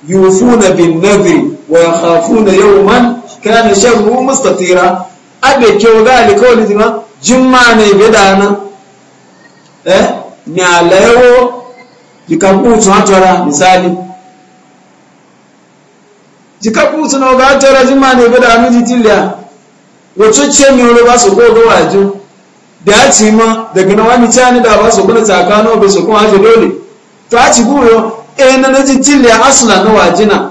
yufuna bin nazari wa yakhafuna yawman kana sharru mustatira abe kyau ga alkawli jima jimma ne nan. eh ni alayewo jikakutu hatora misali jikakutu na ga hatora jima ne bada amiji tilya wato ce mi wani ba su ko ga wajo da ya ci ma daga na wani cani da ba su kuna tsakano ba su kuma hajo dole to a ci e na na ji tilya asula na wajina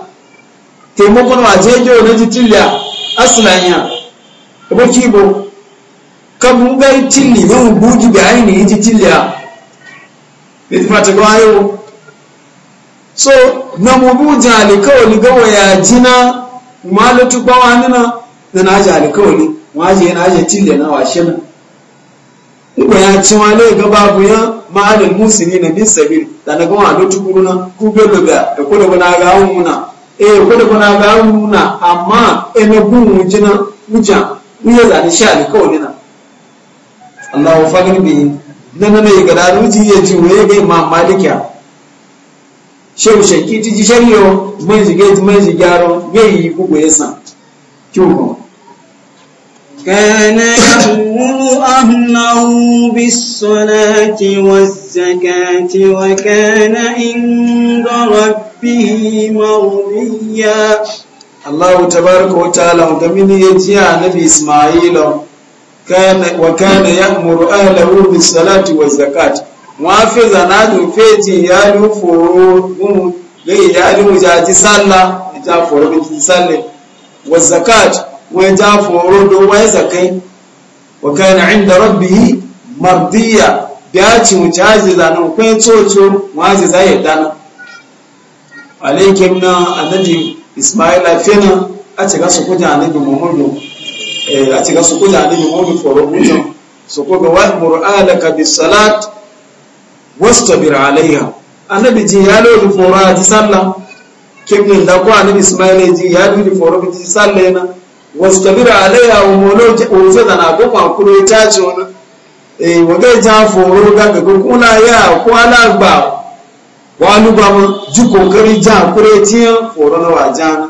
taimakon waje yau na ji tilya asula ya abokibo kabu gai tilli man buji bi aini yiji tilliya bit mata go ayo so na mu buja ali kawli gawa ya jina malatu bawa nana da na ja ali kawli waje na ja tilliya na washe na ko ya ci wale ga babu ya ma'alil musini na bin sabil da na gawa da kuruna, ku bello ga da kodo bana ga muna eh kodo bana ga muna amma ene bu mu jina muja mu ya zani sha ali kawli na Allah wa fagar bi na na mai gada ruti ya ji waye ga imam malik ya shi mu shakki ti ji shariyo mai ji gaji mai ji ya yi ku ku yasa kyau ko kana yamuru ahnahu bis salati waz zakati wa kana inda rabbihi mawliya Allah tabaraka wa ta'ala ga mini ya ji annabi isma'ila wa kana ya'muru ahlahu bis salati waz zakat wa fi zanadu feti ya lu foro mu le ya lu jati salla ja foro bi salle waz zakat wa ja foro do wa zakai wa kana 'inda rabbihi mardiya biya ci mu caji ko tsotso wa ji za ya dana alaikim na annabi ismaila fina a ga su kuja annabi muhammadu Eh, a cikin su kuja ne muhammadu faruɗa su kuma wa mur'ala ka bi salat wastabir alaiha annabi ji ya foro a ji salla. kibnin da kuwa annabi ismail ji ya foro bi ji sallah na wastabir alaiha wa moloji ozo da na goma kuro ita ce wani eh wagai ja foro ga ga kuna ya ko ala gba wani ba mu ji kokari ja kure tiyan foro na wajana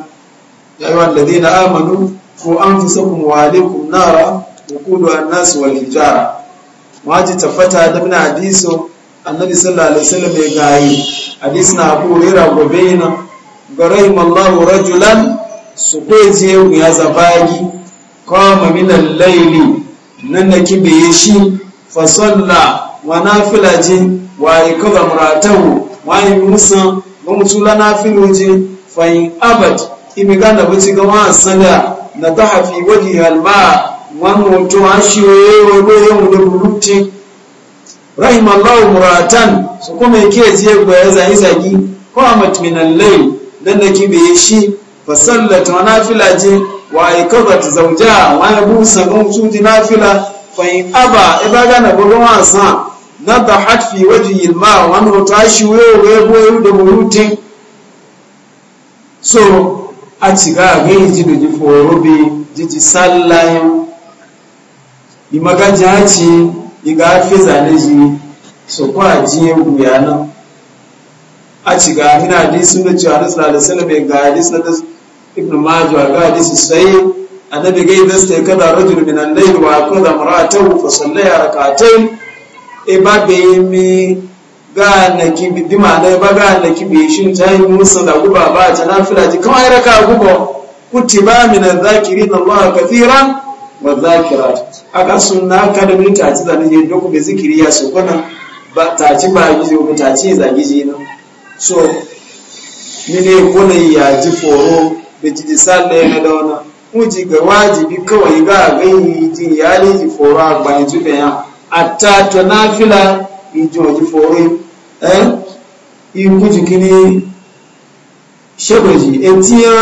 ya yi wa zai na amanu ko wa alaikum nara wuqudu an-nas wal hijara waji tafata da bin hadiso annabi sallallahu alaihi wasallam ya gayi hadis na abu na gobeina garaim Allah rajulan su yau ya zabagi qama min al Laili nan da kibe shi Fasalla, wa wa nafilaji wa ikaba muratahu wa musa ba mutula nafiluji fa Fahim abad imiganda buci ga wa sanda na taha fi waji halma wani wato an shi waye wai bai yawan da bulukti rahimallahu muratan su kuma yake je gwaya zai zagi ko a matminan lai dan da ki bai shi fasallata sallata wa nafila je wa aikabat zauja wa ya busa gun su ji nafila fa in aba ibaga na gudu wasa na tahat fi waji halma wani wato an shi waye wai bai da bulukti so a ciga a gai ji da ji foro be ji ji sallayin yi magaji haci yi ga hafi zane ji so kwa ji ya guya nan a ciga hina hadisun da cewa nasu da salame ga hadisun da ibn majuwa ga hadisun sai annabi gai da sai kada rajul min al-layl wa qada mar'atahu fa sallaya rak'atayn e ba bai mi ga na kibi dima na ba ga na kibi shin ta yi musu da guba ba ta nafila ji kamar raka guba kutiba min adh-dhakirin Allah kathiran wa dhakirat aka sunna ka da minta ci da ne doko be zikiri ya so kana ba ta ci ba ji ko ta ci za gizo na so ni ne kone ya ji foro be ji salle na da wana uji ga wajibi kawai ga ga yi ji ya ji foro a gbani tufe ya atta to nafila ìjọ òjì fòrí ẹ́ ikú jù kí ní ṣẹ́gbẹ̀jì etí á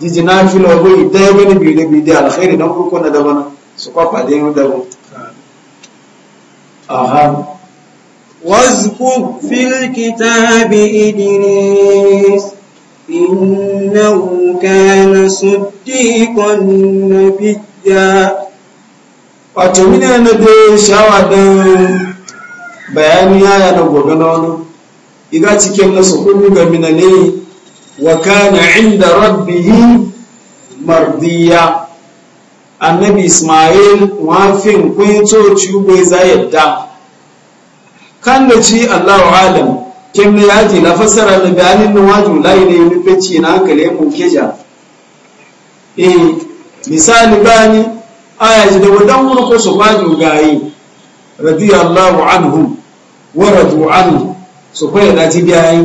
jìjì náà fi lọ bó ìdá níbi ìrẹ́bi ìdí àlàkẹ́rì náà kúrúkọ́ náà dábọ́nà sọpá pàdé ń dábọ́ واذكر في الكتاب إدريس إنه كان bayani ya na gobe na wani iga cikin nasu kudu ga minane wa kana inda rabbihi mardiya annabi ismail wafin kun coci bai za yadda kan da ci allahu alam kim ne ya na fassara na bayanin na wajen layi ne nufin ci na hankali mu ja. eh misali bani a yaji da wadan wani kusa wajen gayi radiyallahu anhum waradu anhu sokwe ya dati bi ayi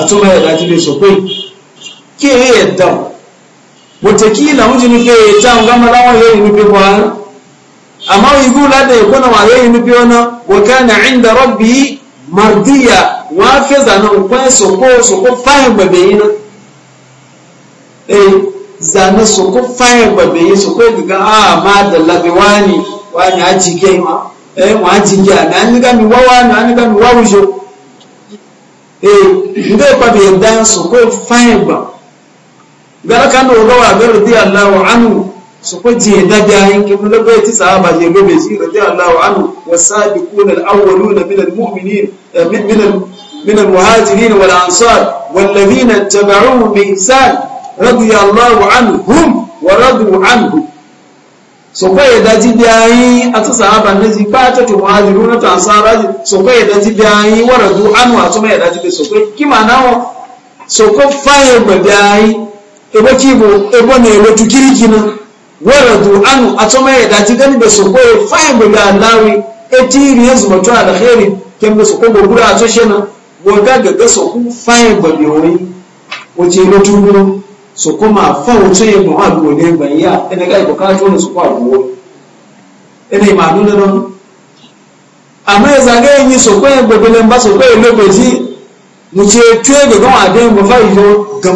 atuma ya dati bi sokwe ki ye yadda watakila mji nupe ta ngama lawa ye nupe kwa amma yigu la da yakuna wa ye nupe ona wa kana inda rabbi mardiya wa feza na kwa soko soko eh diga a ma da labewani wani aji kai ma eh wa jinja na niga mi wawa na niga mi wawujo eh ngai kwa bi yadda su ba gara kan do ga radiyallahu anhu su ko je da bayan ki mun lobe ti sahaba je lobe ji anhu sokwa ya daji bi ayi atu sahaba naji ba ta to muhajiru na ta ansara sokwa ya daji bi ayi waradu anu atu ma ya daji bi sokwa kima nawo sokwa faye ba ebo ne ebo tukiriki na waradu anu atu ma ya daji gani be sokwa ya faye ba bi alawi etiri yanzu mutu alkhairi kembe sokwa gura atu shena goga gaga sokwa faye so kuma fawon tun yi kuma abu ne ban ya ina ga ko ka tona su kwa go ina ma nuna non amma ya zaga yin so ko ya ba so ko lokaci mu ce tuye ga gama da mu fa ido ga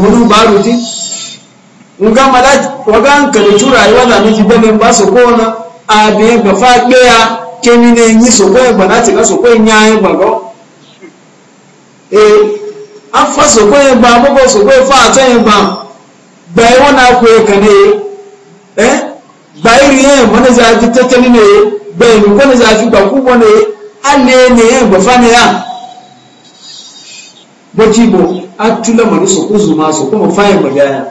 ga wa ga an kare tura rayuwa da miji bane ba so ko na ga fa gbeya kemi ne yin so ko ya bana ti ga so ko nya yin gbago eh afa so ko ba mo ko fa ba bai wana koyo ka ne eh bai riye mana za ki tattali ne ye? ni kone za ki ba ku kone alle ne ba fane ya boki bo atula manu so ko zuma so kuma fayin magana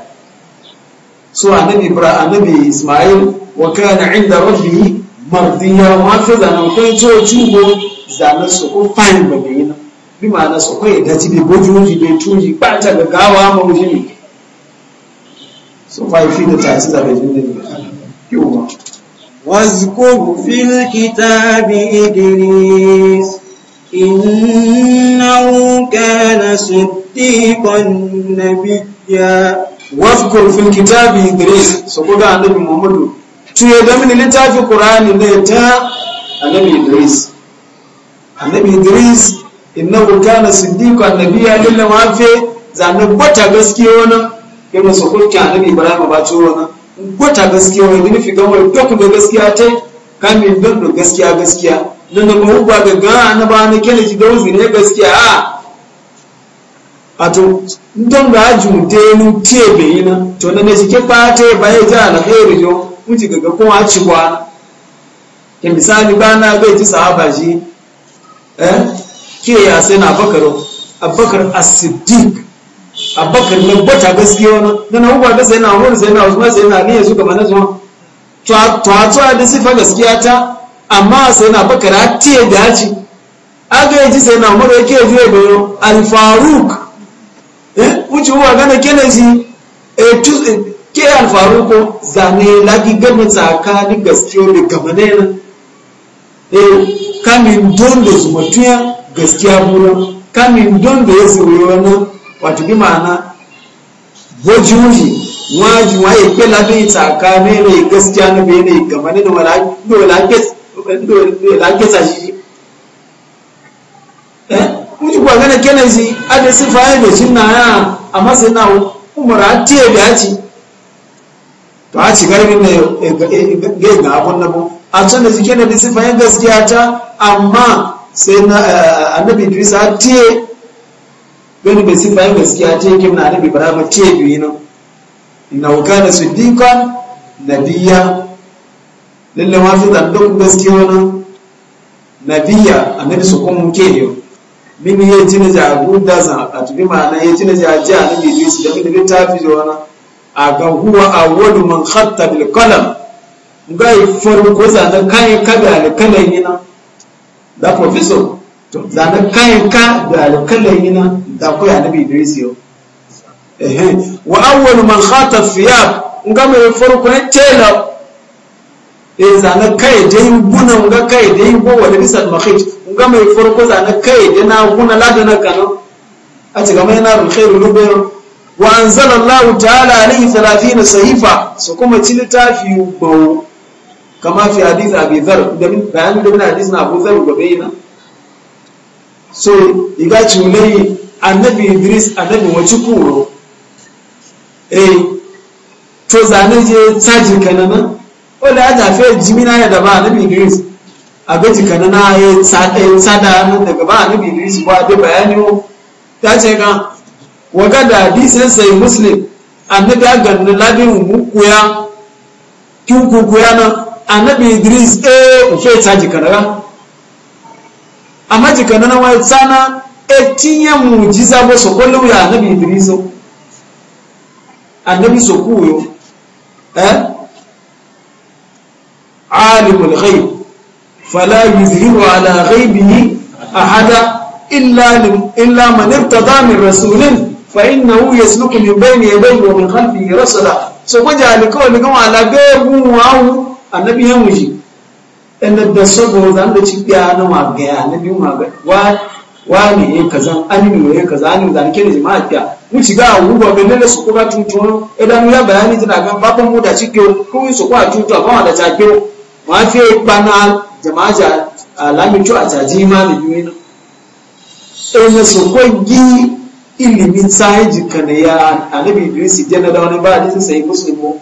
so annabi ibra annabi isma'il wa kana inda rabbihi mardiya wa fa zanan ko to tubo zanan so ko fayin magana bi ma na so ko ya dace bi bojuji bi tuji ba ta gagawa mu jini so fa fi da ta ci da bai jin da yawa واذكر في الكتاب إدريس إنه كان صديقا نبيا واذكر في الكتاب إدريس سقوط عن النبي محمد tuye da mini littafi Qur'ani ne ta Annabi Idris Annabi Idris innahu kana siddiqan nabiyya lillahi wa fi zanubata gaskiya wannan irin su kurkin annabi ibrahim ba ci wannan gwata gaskiya wani ne fi wani dokun da gaskiya ta kami don da gaskiya gaskiya don da mahubba ga gana na ba na kele ki gauzi ne gaskiya a ato don da ga ajin bai yi na to na ne shike ta ba ya ji alheri yo muji ga kuma a ci ba ke misali ba na bai ji sahaba shi eh ke ya sai na bakaro abakar as-siddiq abakar na bata gaskiya wani na na hukwa ta sai na hukwa sai na usman sai na ne ya kamar mana zuwa to a da sifa gaskiya ta amma sai na bakar a tiye da haci aga yaji sai na hukwa yake fiye zuwa bayo alfaruk wuce eh, huwa gana kene shi eh, eh, ke alfaruko zane lagi gama tsakanin gaskiya da gama ne na kamin don da zumatuya gaskiya bura kamin don da ya zuwa wani wato bi ma'ana gojuji waji waye kela bai tsaka ne ne gaskiya ne bai ne gama ne da wala wala kes wala kesa shi eh muji kwa gana kenan shi ada sifa ne shin na ya amma sai na umara tiye da ci to a ci garbin ne ga ga abun nabo a can da shi kenan da sifa gaskiya ta amma sai na annabi Idris a tiye wani bai sifa yin gaskiya ce yake na annabi ibrahim ce biyu nan inna kana na biya. lalle ma fi da duk gaskiya biya a annabi su kuma ke yau min ya ci na jagu da zan a tubi ma'ana ya ci na jaji a nabi su, da min tafi da wani a ga huwa a awwalu man hatta bil qalam ga farko zanen kai kada kalan yi na da profesor to zanen kayan ka da alƙalan yana da akwai annabi Idris yau ehe wa awwal man khata thiyab nga mai farko ne tela e zanen kai dai guna nga kai dai go wala bisal makhij nga mai farko zanen kai dai na guna ladana kana a ci gama yana alkhairu lubayr wa anzala Allah ta'ala alayhi 30 sahifa su kuma ci littafi ba'u. kama fi hadith Abi Dharr da bayan da hadith na Abu Dharr gabe yana so iga cunai annabi idris annabi wacce kuro eh to zane je caji kanana wanda ya tafi jimina ya da ba annabi idris a gaji kanana ya tsada nan daga ba annabi idris ba da bayani o ta ce ka waga da hadisin sai muslim annabi ya ganni labin mukuya kin kukuya na annabi idris eh ufe caji kanana amma jikana na wani tsana etinye mujiza ba su kwallo ya annabi idriso annabi su kuyo eh alimul ghaib fala yuzhiru ala ghaibihi ahada illa illa man irtada min rasulin fa innahu yasluku min bayni yadayhi wa min khalfihi rasala so kwaje alikawli gama ala gaibun wawu annabi ya mujiza inda da sabo zan da ci biya na magaya na biyu magaya wa ne ya kaza ne ya kaza aminu da nake ne jama'a biya mu ci ga wuwa ga lalle su kuma tuntun idan ya bayani tana ga baban mu da cike ko su kuma tuntun ba wanda ta ke ma fi bana jama'a ja alami to a taji ma da biyu ne sai na su ko gi ilimin sai jika ne ya annabi Idris jana da wani ba hadisi sai muslimu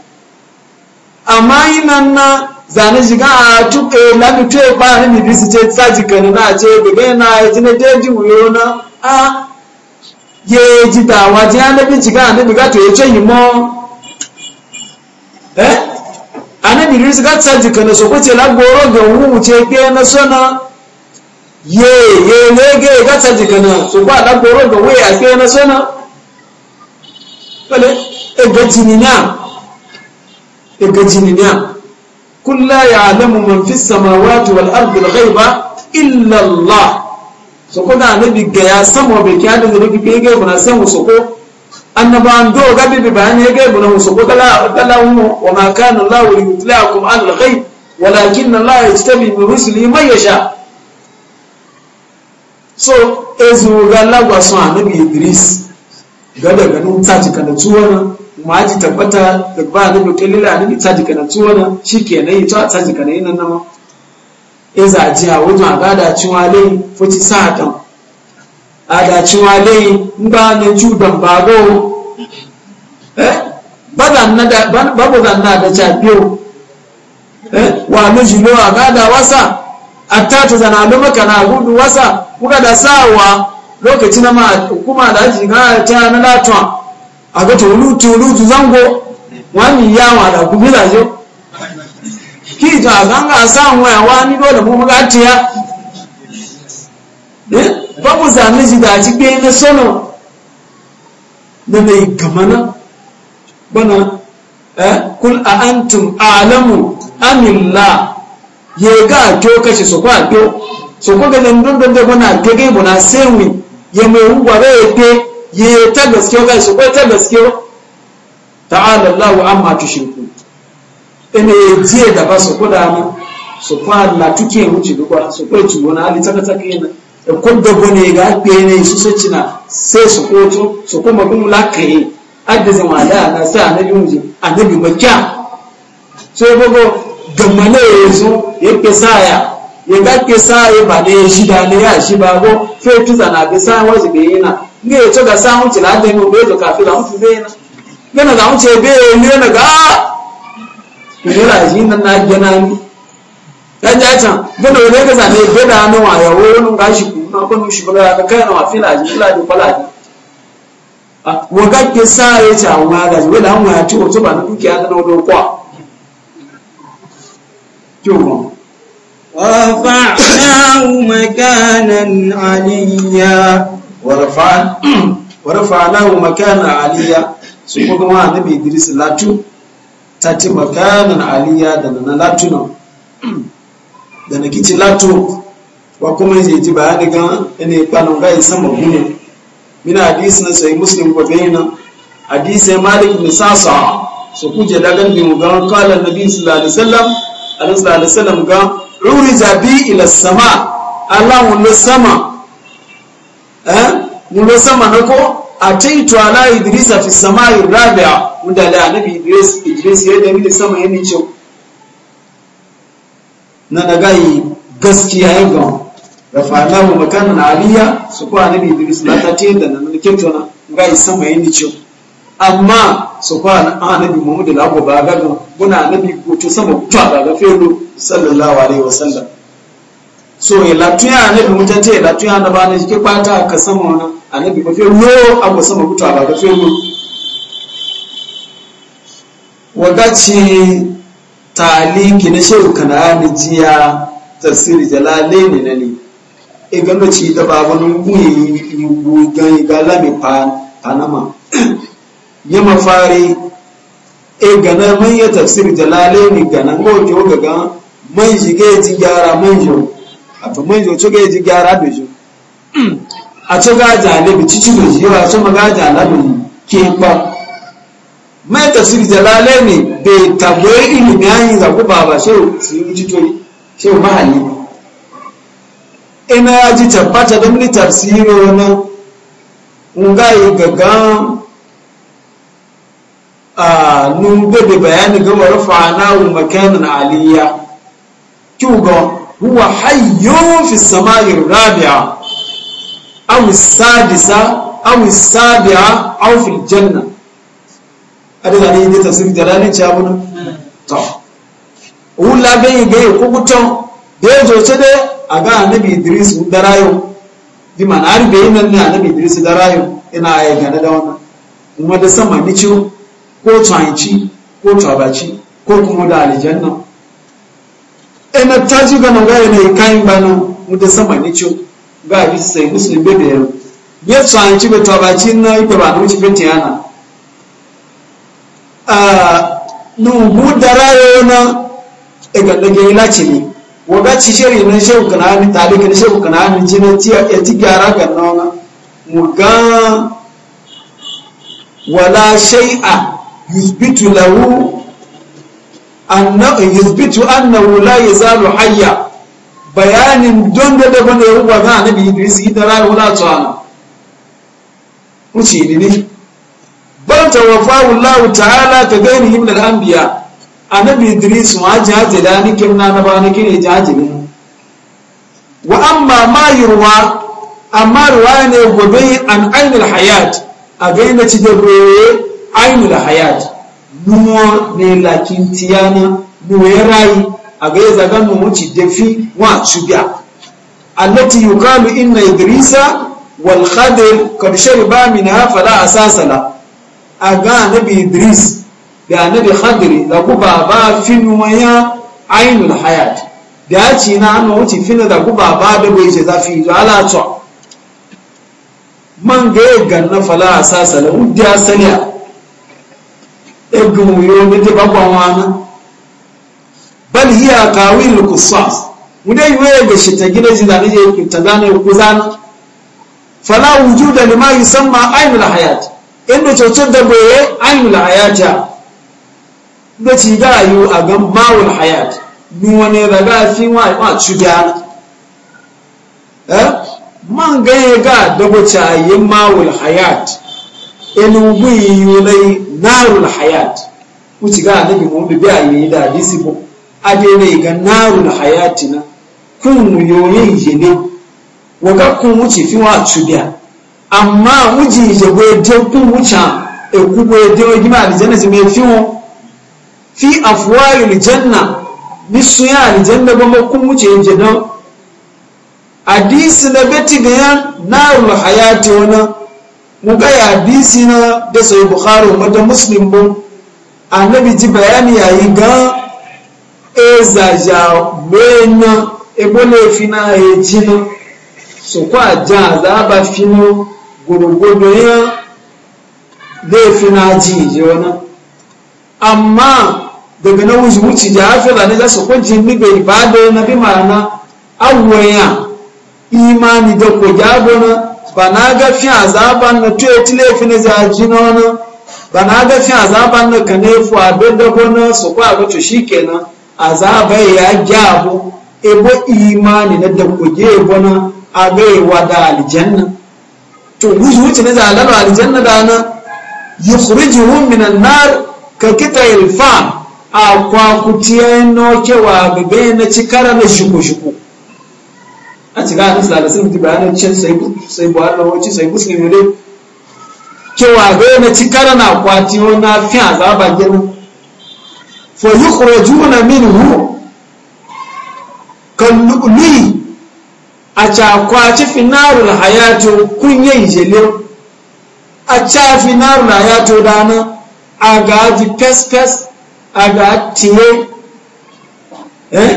amma ina na zane shiga a tuka lami tuye ba ni bi su ce sa jika ni na ce daga na ya ji na deji wuyo na a ye ji da wa ji ana bi jika e? ni biga to ya ce yi mo eh ana bi ri shiga sa jika so ko ce la goro ga wu ce ke na so na ye ye ne ge ga sa jika na so ba la goro ga wu ya ke na so na kale e ga jini na e ga jini na قل ya alamu من في السماوات والأرض الغيب إلا الله soko da annabi ga ya san wa bai kiyaye da rubi ke ga bana san soko annaba an do ga bi bayan ya ga bana soko kala kala mu wa ma kana Allah li yutlakum an al-ghaib walakin Allah yastabi bi rusuli man yasha so ezu ga lagwa so annabi Idris ga daga nun ta ci kana tuwana ma ji tabbata da ba ni da lila ne ta jika na tuwa na yi ita ta jika na nan nama e za ji a wajen a gada cewa dai fuci sa dan a da cewa dai in ba na judan e? babo eh da babu dan na da cafiyo e? wa mu jilo a gada wasa attata zana lo maka na gudu wasa kuka da sawa lokacin ma kuma da ji ga ta na latuwa aga tulu tulu tu zango wani yawa da ku bila jo ki ta ganga san waya wani dole mu muga tiya eh babu zane ji da ji be na sono da mai kamana bana eh a antum a'lamu amilla ye ga to kashe so kwa to so ko ga nan don don da bana gege bana sewi ye mai ruwa ga ye yi ta gaskiyo kai su kai ta gaskiyo ta'ala Allah amma tushinku ene jiye da ba su kuda mu su kwa la tuke wuce duk su kai ci wani hali taka taka yana da kudda gone ga pene su sai cina sai su koto su kuma kun lakaye adda zama da na sa annabi muje annabi makka sai gogo gamane yazo ya pesaya ya ga pesaya ba ne shi da ne ya shi ba go fe tuza na pesaya wazi bayina nge to ga sa hunci na da mu be to kafi la hunci be na gana da be na ga na gana ni dan ja can gana wani ga zane da na wa ya wani ga shi na kun shi bala ka na wa fila ji fila da fala ji a ah, wa ga ke ya ta wa ga ya ci o na kwa Jumon. Wa fa'na warafa lahu makana aliya su kuma ma annabi idris latu ta ci makanan aliya da na latu nan da na kici latu wa kuma ya ji bayani ga ina kwanan ga isa magune mina hadisi na sai muslim ko bayina sai malik bin sasa su kuje dagan bi mugan qala nabi sallallahu alaihi wasallam alaihi wasallam ga urija bi ila sama na sama mulo sama na ko ataitu ala idrisa fi samai rabia muda da nabi idris idris ya da mini sama ya ni cewa na daga yi gaskiya ya ga da fa'ala mu makana na aliya su ko nabi idris la ta tinda da nan ne ke tona ga yi sama ya ni cewa amma su ko nabi muhammad la ko ba ga ga guna annabi ko to sama to ta ga felo sallallahu alaihi wasallam so ya latuya annabi mutante latuya annabi ne ke kwata ka sama wannan annabi ba fe an ba sama kutu aba ba fe wo wagaci taliki na shehu kanani jiya tafsir ne na ne igama ci da babanin guyi yugu gan igala mi pa panama ya mafari e gana mai ya tafsir ne gana ngo ke o gaga man jige ji gyara man jo ato man jo to ge ji gyara da shi ato ga lebi cici doji yau ato magaja labi ke kpa mai siri jalale ne bai tabbai ilimi hanyar zaku ba ba shehu su yi jitori shehu mahalli ina ya ji tabbata don ni tafsiri wani yi gaga a nun gobe bayani ga warfa na wu na aliyya kyuga huwa hayyun fi samayin rabi'a aw sadisa aw sabi'a aw fil janna adala ni da tafsir da ranin ci abu to wula bai ga ku kuton da yazo ce da aga annabi Idris da rayo bi manar bai nan ne annabi Idris da rayo ina ya gane da wannan kuma da sama ni ci ko tsanci ko tabaci ko kuma da aljanna ina taji ga nan ga ne kai bana mu da sama ni ci ba bi sai muslim be da ya tsanci be to ba cin na ibe ba no ci be tiana a nu budara yona e ga dage ila ci ni waga ci shiri na shehu kanani talika na shehu kanani ci na ci ya ci e gara ga nona mu ga wala shay'a yuzbitu lahu anna yuzbitu annahu la yazalu hayya bayanin don da daban da ya ruba ga annabi idris ita rayu wala tsana wuce ne ne wafa tawaffahu ta hala ta gani himna al anbiya annabi idris ma jaje da ni kimna na ba ni kine jaje ne wa amma ma ruwa amma ruwaya ne gobe an ainihin hayat a gaina ci da roye ainihin hayat nuwa ne lakin tiyana nuwa rayi aga ya zaga mu wa shubiya allati yuqalu inna idrisa wal khadir kad shariba minha fala asasala aga annabi idris da annabi khadir da ku baba finu waya ainul hayat da ci na an wuce fina da ku baba da bai ce zafi to ala to man ga na fala asasala udiya sanya. egun ne ba kwa wana bal hiya qawil qissas mudai waye ga shi ta gina jina ne je ta ku zana fala wujuda lima yusamma al hayat inda cocin da boye al hayata da ci da yu a gan mawul hayat ni wane daga fi wa ma cuga eh man ga ga da bocha yin mawul hayat inu bi yulai narul hayat ku ci ga bi mu bi ayi da disi. adere ga narun hayatina kun yoyin Wa waga kun wuce fi wa tubiya amma wuji je gode kun wuce e ku wa gima aljanna je me fi wa. fi janna, ni bisu ya aljanna ba kun wuce je don hadisi na beti ga yan narun hayati wana mu ga hadisi na da sai bukhari da muslim bon annabi ji bayani yayi ga ezaja mena ebona efina ejina sokwa ja azaba fino gorogodo ya laifina ji wani amma daga na wuce wuce da hafila ne za su kwanci ni bai ba da na bi ma'ana awwaya imani da ko jagona ba na ga aza aban na tuye tilefi na zaji na wani ba na ga aza aban na kanefu a daddabo na su kwa a shi kenan azabai ya jabo ebo imani na da kuje gona a gaiwa da aljanna to wuce wuce na zalalo aljanna da na yukhrijuhum minan nar ka kita 'ilfa a kwakutiya noke wa gabe na cikara na shuku-shuku a cika a nasa da sun ti bayanin cin sai buhari na wuce sai musulmi ne kewa gabe na cikara na kwatiyo na fi azaba ginin fa yukhrajuna minhu kallu'li a cakwaci finarul hayato kun yi a ca finarul hayato dana a ga ji fes-fes a tiye eh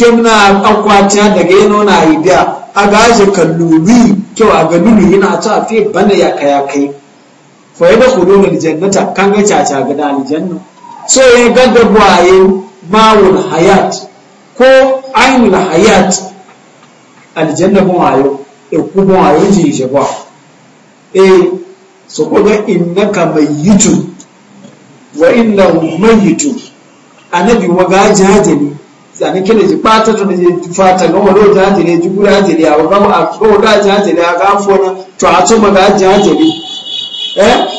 ke muna akwati daga yana na idea a ga ji kallubi kyau a ga lulu yana ta fi bana ya fa yi da kudu na aljannata kan ga caca gada da aljanna so ya ga da buwaye mawul hayat ko ainul hayat aljanna bon ayo e ku bon ayo ji je ba e eh, so ko ga innaka mayyitun wa innahu mayyitun anabi wa ga jajeli sani kele ji pata to ji fata no lo jajeli ji gura jajeli a ga ba a ko ga jajeli a ga fona to a to ma ga jajeli eh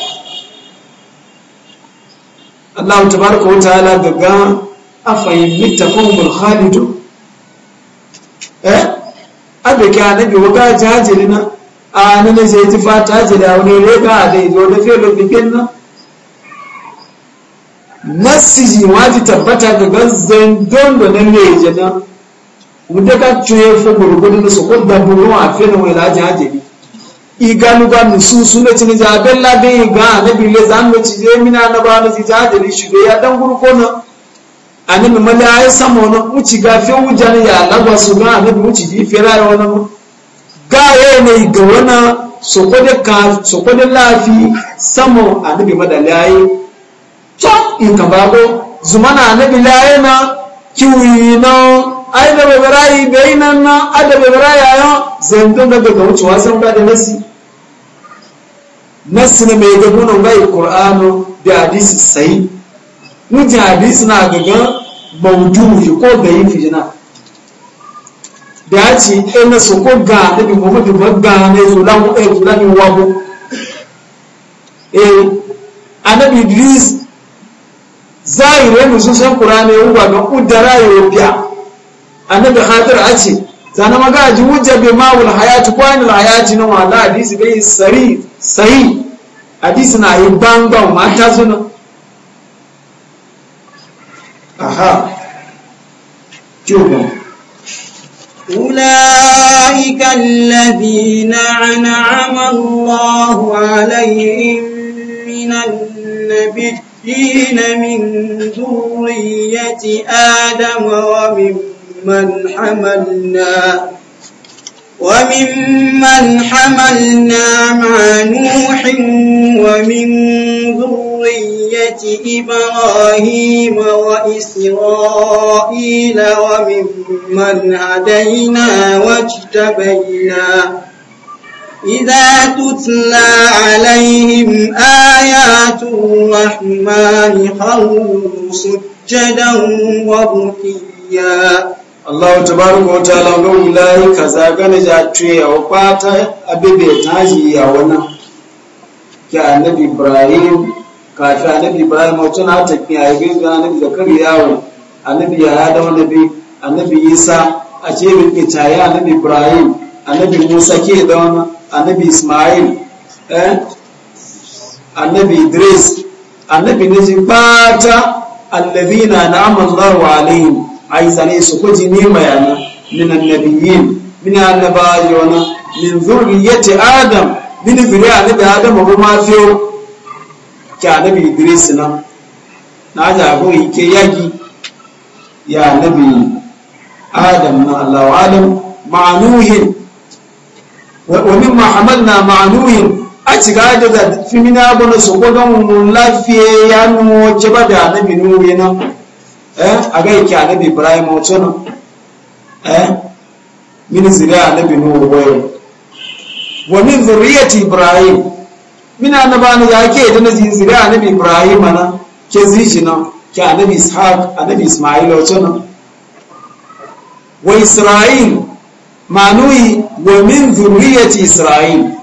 Allah tabaraka wa ta'ala gaga afayin mittafahumul khalidu eh abe ka nabi waga jajirina a nana zai ji fata jira wani rega a dai zo da felo bikin nan nasiji waji tabbata ga ganzan da nan ne jana wanda ka cuye fi gurgudun su kudda buru a fena wani lajin hajjiri igaluga nususu na cini jaben labin iga na bile zan da ci je mina na ba na ci jajiri shi ya dan gurko na ani mi mali ayi samo na uci ga fi wuja na ya lagwa su ga bi ga e ne wana ka lafi samo ayi to in ka zumana na kiwi na ai da beberayi bai nan na ai da beberayi ayo zan don san ba nasi nasina mai na gai ƙur'anu da hadisi sai mujin hadisi na gaga fi ko fi fijina da ya ce eh, na su ko ga nabi muhammadu magga ne su lamu ɗaya eh, su ɗin wabo eh annabi idris zahirai musu san ƙur'ani ya wuba ga ƙudara ya wubiya annabi hadir a ce dana maga ji hujja bi ma'ul hayati kwani la hayati na wala hadisi bai sari sai hadisi na yi banga ma ta zuna aha kyau أولئك الذين أنعم الله عليهم من النبيين من ذرية آدم ومن ممن حملنا وممن حملنا مع نوح ومن ذرية إبراهيم وإسرائيل وممن هدينا واجتبينا إذا تتلى عليهم آيات الرحمن خروا سجدا وبكيا Allah ta bari ko ta langon layi ka zagana ja tuya wa fata abibe ta ji ya wannan ki annabi Ibrahim kafi annabi Ibrahim wata na tafiya ya bin ga annabi Zakariya annabi ya da annabi annabi Isa a ce bin kitaya annabi Ibrahim annabi Musa ke da wannan annabi Ismail eh annabi Idris annabi ne ji fata alladhina na'ama Allahu alaihim ai sane su kuji ni mayana min annabiyin min annabajona min zurriyyati adam min zuriya ne da adam ba ma fiyo ki annabi idris na na ja go ike yaki ya annabi adam na allah alam ma'nuhin wa min ma hamalna ma'nuhin a cika da fimina bana su kodon lafiya ya nuna ce ba da annabi nuhu yana Eh, a ga yake annabi ibrahim wato nan eh min zuriya annabi nuhu wayo wa min zuriyati ibrahim min annabani ya ke da na zuriya annabi ibrahim na ke zishi nan ke annabi ishaq annabi isma'il wato nan wa isra'il manuyi wa min zuriyati isra'il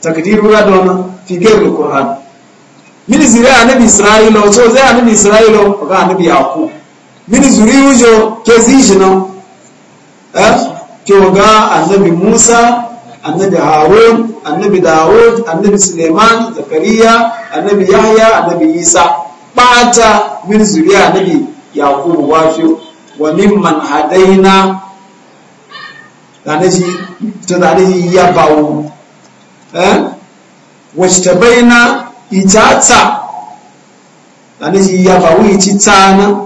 takdirura dona fi qur'an mini zuri anabi israilo so zai anabi isra'ila ga anabi yakub mini zuri ujo ke zijina eh ke ga anabi musa anabi harun anabi dawud anabi suleiman zakariya anabi yahya anabi isa bata min zuriya anabi yaku, wafi wa mimman hadaina danaji to danaji yabawu eh wajtabaina itata anezi yabawu ititana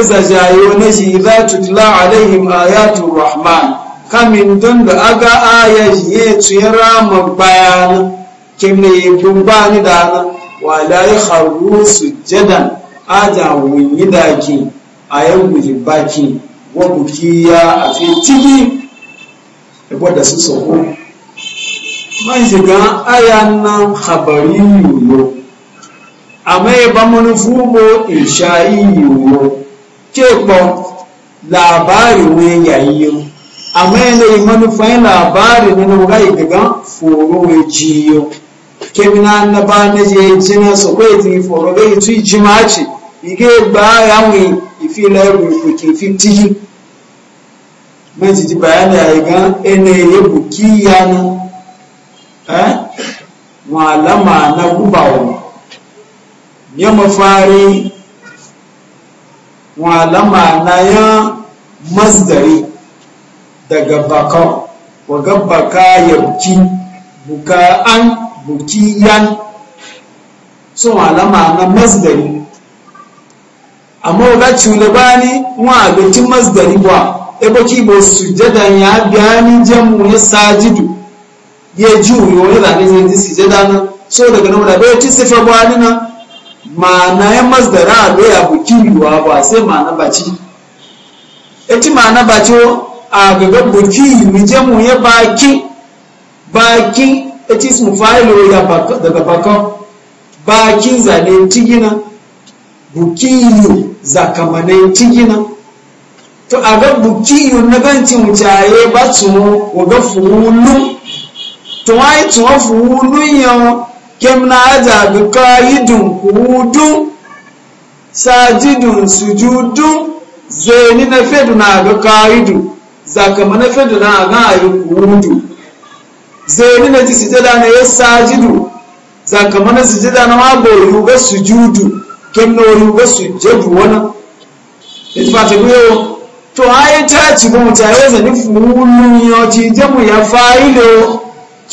ezajayo nezi idha tutla alaihim ayatu rahman kamin don da aga aya jiye tsira mabbayana kimne gumbani dana wala yakharu sujadan aja wunyi daki ayan guji baki wa bukiya a fi tiki da su sako man shiga ayan nan habari yiwu amma ya ba manufumo insha'i yiwu ke kpọ labari ne yayi amma yanayi manufan labari ne na wurai daga foro ya jiyo kemina na ba ne je jina so ko ya tiri foro ga ya tuyi jima ce ike gba ya nwe ifi laibu ke fiti man ji bayani a yi ga yanayi buki yana malama na gubawa ya mafari malama na ya masdari daga baka waga baka an buki yan, so malama na masdari amma waga ni, wa abincin masdari ba ebe kibo bo sujadan ya biya ni jamu ya sajidu ya juyo ya zane zai disi zai dana so daga nan da bai ci sifa gwani na ma'ana ya masdara a doya bu kiyuwa ba sai ma'ana baci ya ci ma'ana baci a gaga bu kiyu mu je mu ya baki baki ya ci su fa'ilo ya daga bakan bakin zane tigina bu kiyu zakamanai tigina to a ga bu kiyu na gancin caye ba su mu ga fulun tuwai tuwa fuhunun yau kemna aja bi ka'idun hudun sajidun sujudun zeni na fedu na ga ka'idu zakama na fedu na ga yi hudu zeni na ji sujada na ya sajidu zakama na sujada na mabo yuga sujudu kemna yuga sujudu wana ifata biyo to ayi ta ci kuma ta yi zani fulun yau ci jamu ya fa'ilo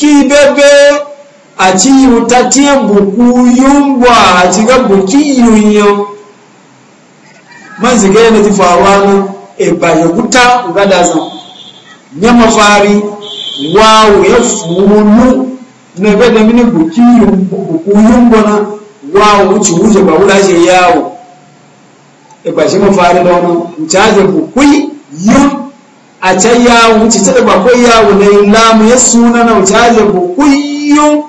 ki bebe a ci wutatie buku yumbwa a buki yunyo manzi ga yana ti faruwa na e ba ya wuta ga da zan ya mafari wawo ya funu na ga da mini buki buku yumbwa na wawo wuce wuce ba wula e ba mafari da wani wuce buku yun a can yawo ci ta da bakwai yawo na yin lamu ya suna na wuce aje ku kuyu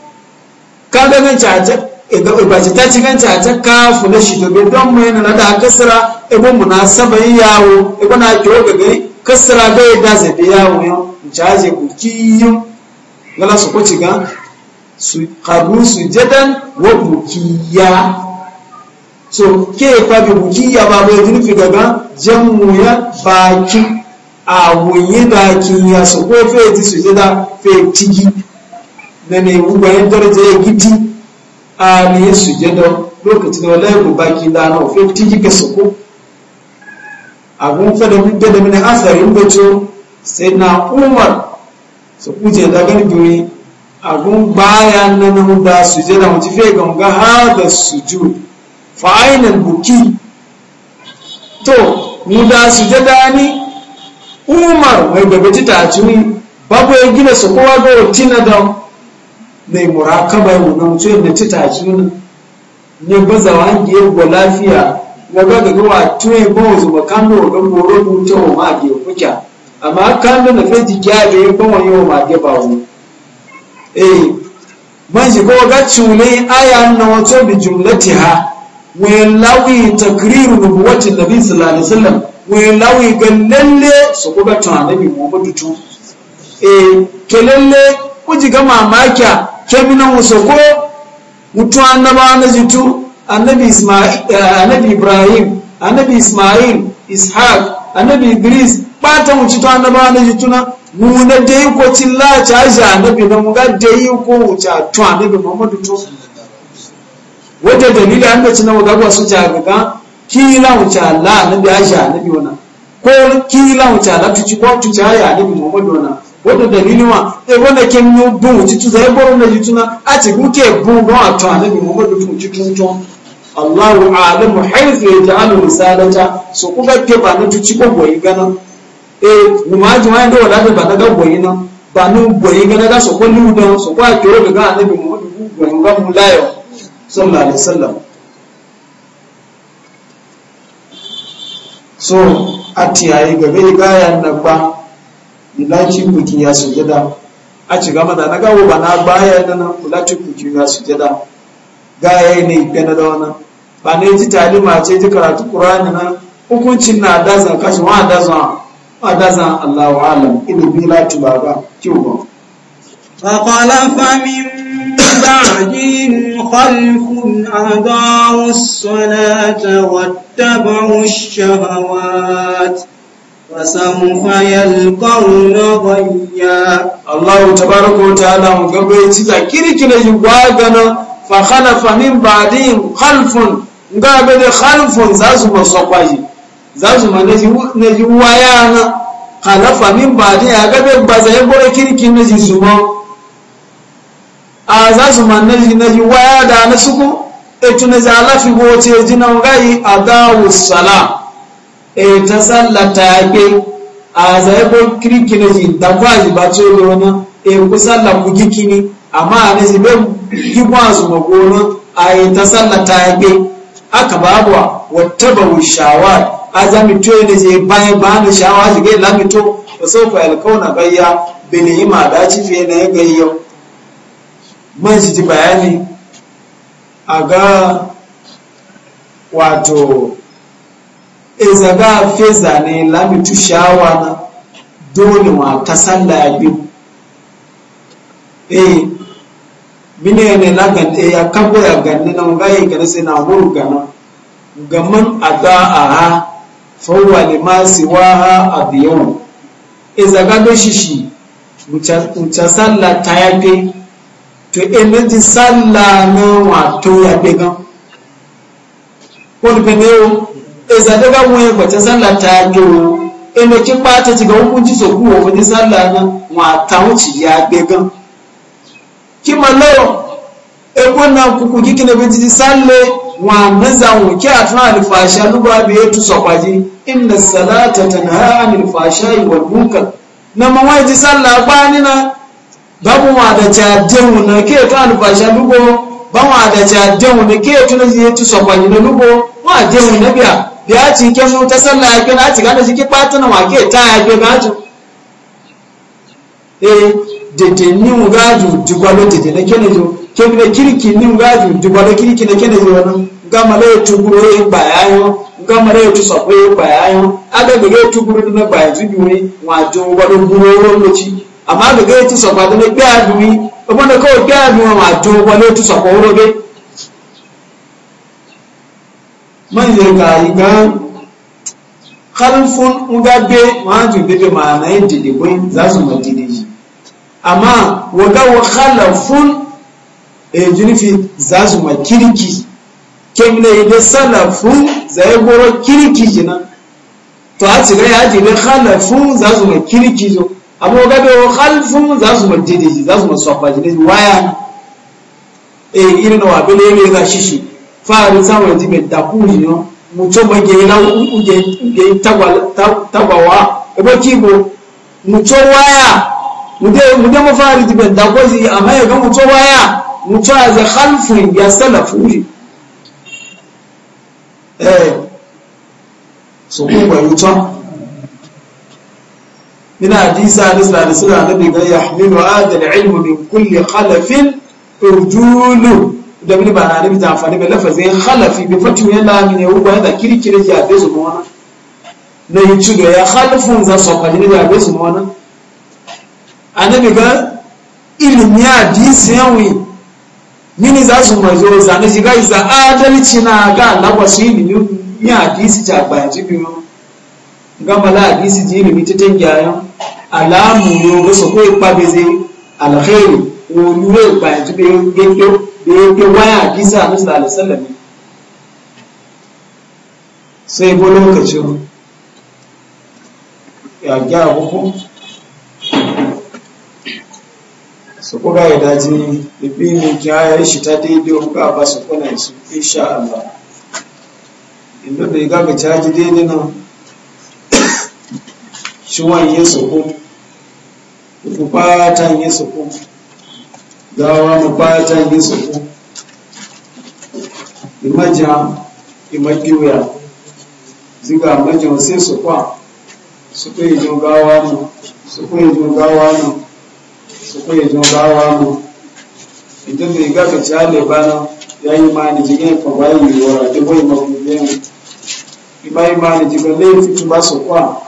ka ga nan caca e ba ci ta cikin kafu na shi dobe don mu yana na da kasira ibo e mu na saba yin yawo e na kiwo ga gari kasira ga ya da zabe yawo ya wuce aje ku kuyu gala su kwaci ga su karu su jadan wa bukiya so ke fa bi bukiya ba bai nufi daga jamu ya baki awunye da kinya su ko feti su jida fetigi da ne gugbayen ta yi giti a ne su jida lokacin wala ya ku baki da na fetigi ga su ko abun fada bidda da mini asarin bacho sai na umar su kuje da gani duni abun bayan na nan da su jida mu ci fe ga mu ga su ju. fa ainal buki to mu da su jida ni umar mai babbaci ta ci babu ya gina su kowa ga wacce na da mai murakaba yau na mutu yadda ci ta ci ne baza wa hangi ya gwa lafiya na ga ga gawa tuwe ba wa zuba kano wa gan goro mutu wa ma wa kuka amma kano na fai jiki ya ga yau ba wa yau mage ba wu eh man shi kowa ga cune aya na wato bi jumlatiha wa lawi takriru da nabi sallallahu alaihi wasallam wilawi ga lalle su kuga tunanabi muhammadu tun e ke lalle kuji ga mamaki keminan wasu ko mutu annaba na jitu eh, annabi ibrahim annabi ismail ishaq annabi idris bata mu citu annaba na jituna mu na yi ko cilla ta ja annabi na mu ga yi ko wuce ta to annabi muhammadu to wanda dalili an da cina ga wasu jami'an kila wuce Allah na biya shi annabi wannan ko kila wuce Allah tuci ko tuci haya annabi Muhammad wannan wanda dalilin wa e wanda ke mu bu wuce tu zai boro na a ce muke bu ga wato annabi Muhammad tu wuce tu to Allah alamu haythu yaj'alu misalata so ku ga ke ba na tuci ko boyi gana e mu ma ji wani da wala ba boyi ba nu boyi gana da so ko lu da so ko a kiro daga annabi Muhammad ga mu layo sallallahu alaihi wasallam so a tiyayi ayi gabe gaya nan ba ilaci buki ya sujada a ci gama da na gawo ba na baya da nan ilaci buki ya sujada gaya ne gana da wannan ba ne ji talima ce ji karatu qur'ani nan hukuncin na dazan kashi wa dazan wa dazan Allahu alam ilimi lati baba kiwo فخلف من بعدهم خلف أضاعوا الصلاة واتبعوا الشهوات فسوف يلقون ضيا الله تبارك وتعالى وقبيت ذكرك لجواغنا فخلف من بعدهم خلف ngabede khalfun zazuma sokwaji zazuma neji wayana khalafa min ba'di agabe baza yebore kirkin neji zuma a zazuma na yi waya da na suku etu alafi za lafi goce jinan gai a dawo sala e ta sallata ke a zai ko kirki na ji da kwaji ba ce da wani e ku sallan ku giki ne a ne zibe gikwa su magona a yi ta sallata ke aka babuwa wata bawu shawar a zami to ne je bayan ba da shawar shi gai lamito da sau ka alkauna gayya bene yi ma da fiye ji bayani a ga wato Izaga ga feza ne lamitu na dole ma ta ya biyu eh mine ne eh, na ga e ya kabo ya ganni na ga yi gane sai na huru gana gaman ada aha fawwa lima siwaha a iza ga be shishi mucha sallah ta yake to ene ti sálà na wato ya yàgbé gan wọ́n pẹ̀lú ìsàdọ́gá wọn ẹ̀kọ́ tí sálà ta jò ene tí pàtó ti gan kún tí sòkú òfin ti sálà náà wà táwọn sì yàgbé gan kí mọ lọ́rọ̀ ẹgbẹ́ náà kúkú kíkì níbi ti sálà wà mẹ́sàn-án kí àtúnà àlùfàṣà lúgbà bí ètò sọ̀pàjì ìnà sàlá tẹ̀tẹ̀ yi wa ìwọ̀lùmùkà na mawai e ji sallah ba ni na babu ma da cadenwu na ke ka alfasha lugo ba ma da na ke tuna je tu sokwani na lugo ma na biya biya ci ke mu ta sallah ya ke na ci gana jike patana ma ke ta ya ke Ee eh, dede ni mu gaju dede na kene jo ke bi na kirki ni mu gaju dukwalo na le e gba yayo gama le tu sokwe e gba yayo aga bi le tuguro na gba ju ju ni wa amma ga gaya tu sọ̀kọ̀ àti gbé àdùnmí ọmọdé kọ́ gbé àdùn àwọn àjò wọlé tu sọ̀kọ̀ wúlọ́gbé mọ́nyẹ ga ìgbà kálífún ń gbàgbé wọn á tún bébè màá náà ń dìde bóyá zazùn mọ́ dìde yìí amma wọ́gá wọ kálífún èjì nífi zazùn mọ́ kíríkì kemne ide sálàfún zàyẹ̀gbọ́rọ̀ kíríkì jìnnà To a ti rẹ̀ yá dìde za su ma kíríkì jìnnà. amma ga da khalfun za su manje da shi za su masu afa shi waya eh irin wa bele ne ga shi shi fa'ari samu ji mai daku shi no mutum mage na uge uge tagwawa ebe kibo mutum waya mude mafari ji mai daku shi amma ya ga mutum waya mutum a zai khalfun ya salafu shi eh so kuma mutum ina hadisa hadis da suna nabi ga yahmilu adal ilmu min kulli khalafin urjulu da bin ba na nabi ta amfani da lafazin khalafi bi fatu yana min yau ba da kirkire ya be su mona na yi cido ya khalafun za su kwani ya be su mona annabi ga ilmi hadisi yawi mini za su mazo zane shi ga isa adalci na ga lagwasu ilmi ya hadisi ta bayan jibi mona gama la hadisi ji ilimi ta tangiyayen alamu yo go so ko ipa beze alheri. o nure pa ji be gege be ge waya hadisi a sallallahu alaihi sallam sai bo lokaci ya gyara ko ga kuka yi daji ibi mai ya shi ta daidai ka ba su kuna insha Allah inda bai gaga caji daidai na shiwan yin suku ku fatan yin suku dawa mu fatan yin suku imaja imagiwa ziga maja sai su kwa su kai jin gawa mu su kai jin gawa mu su kai jin gawa mu idan bai ga ka hali bana yayi ma ni jigen fa bayi wa da boy ma ku ne ibai ma ni jigen lai ba su kwa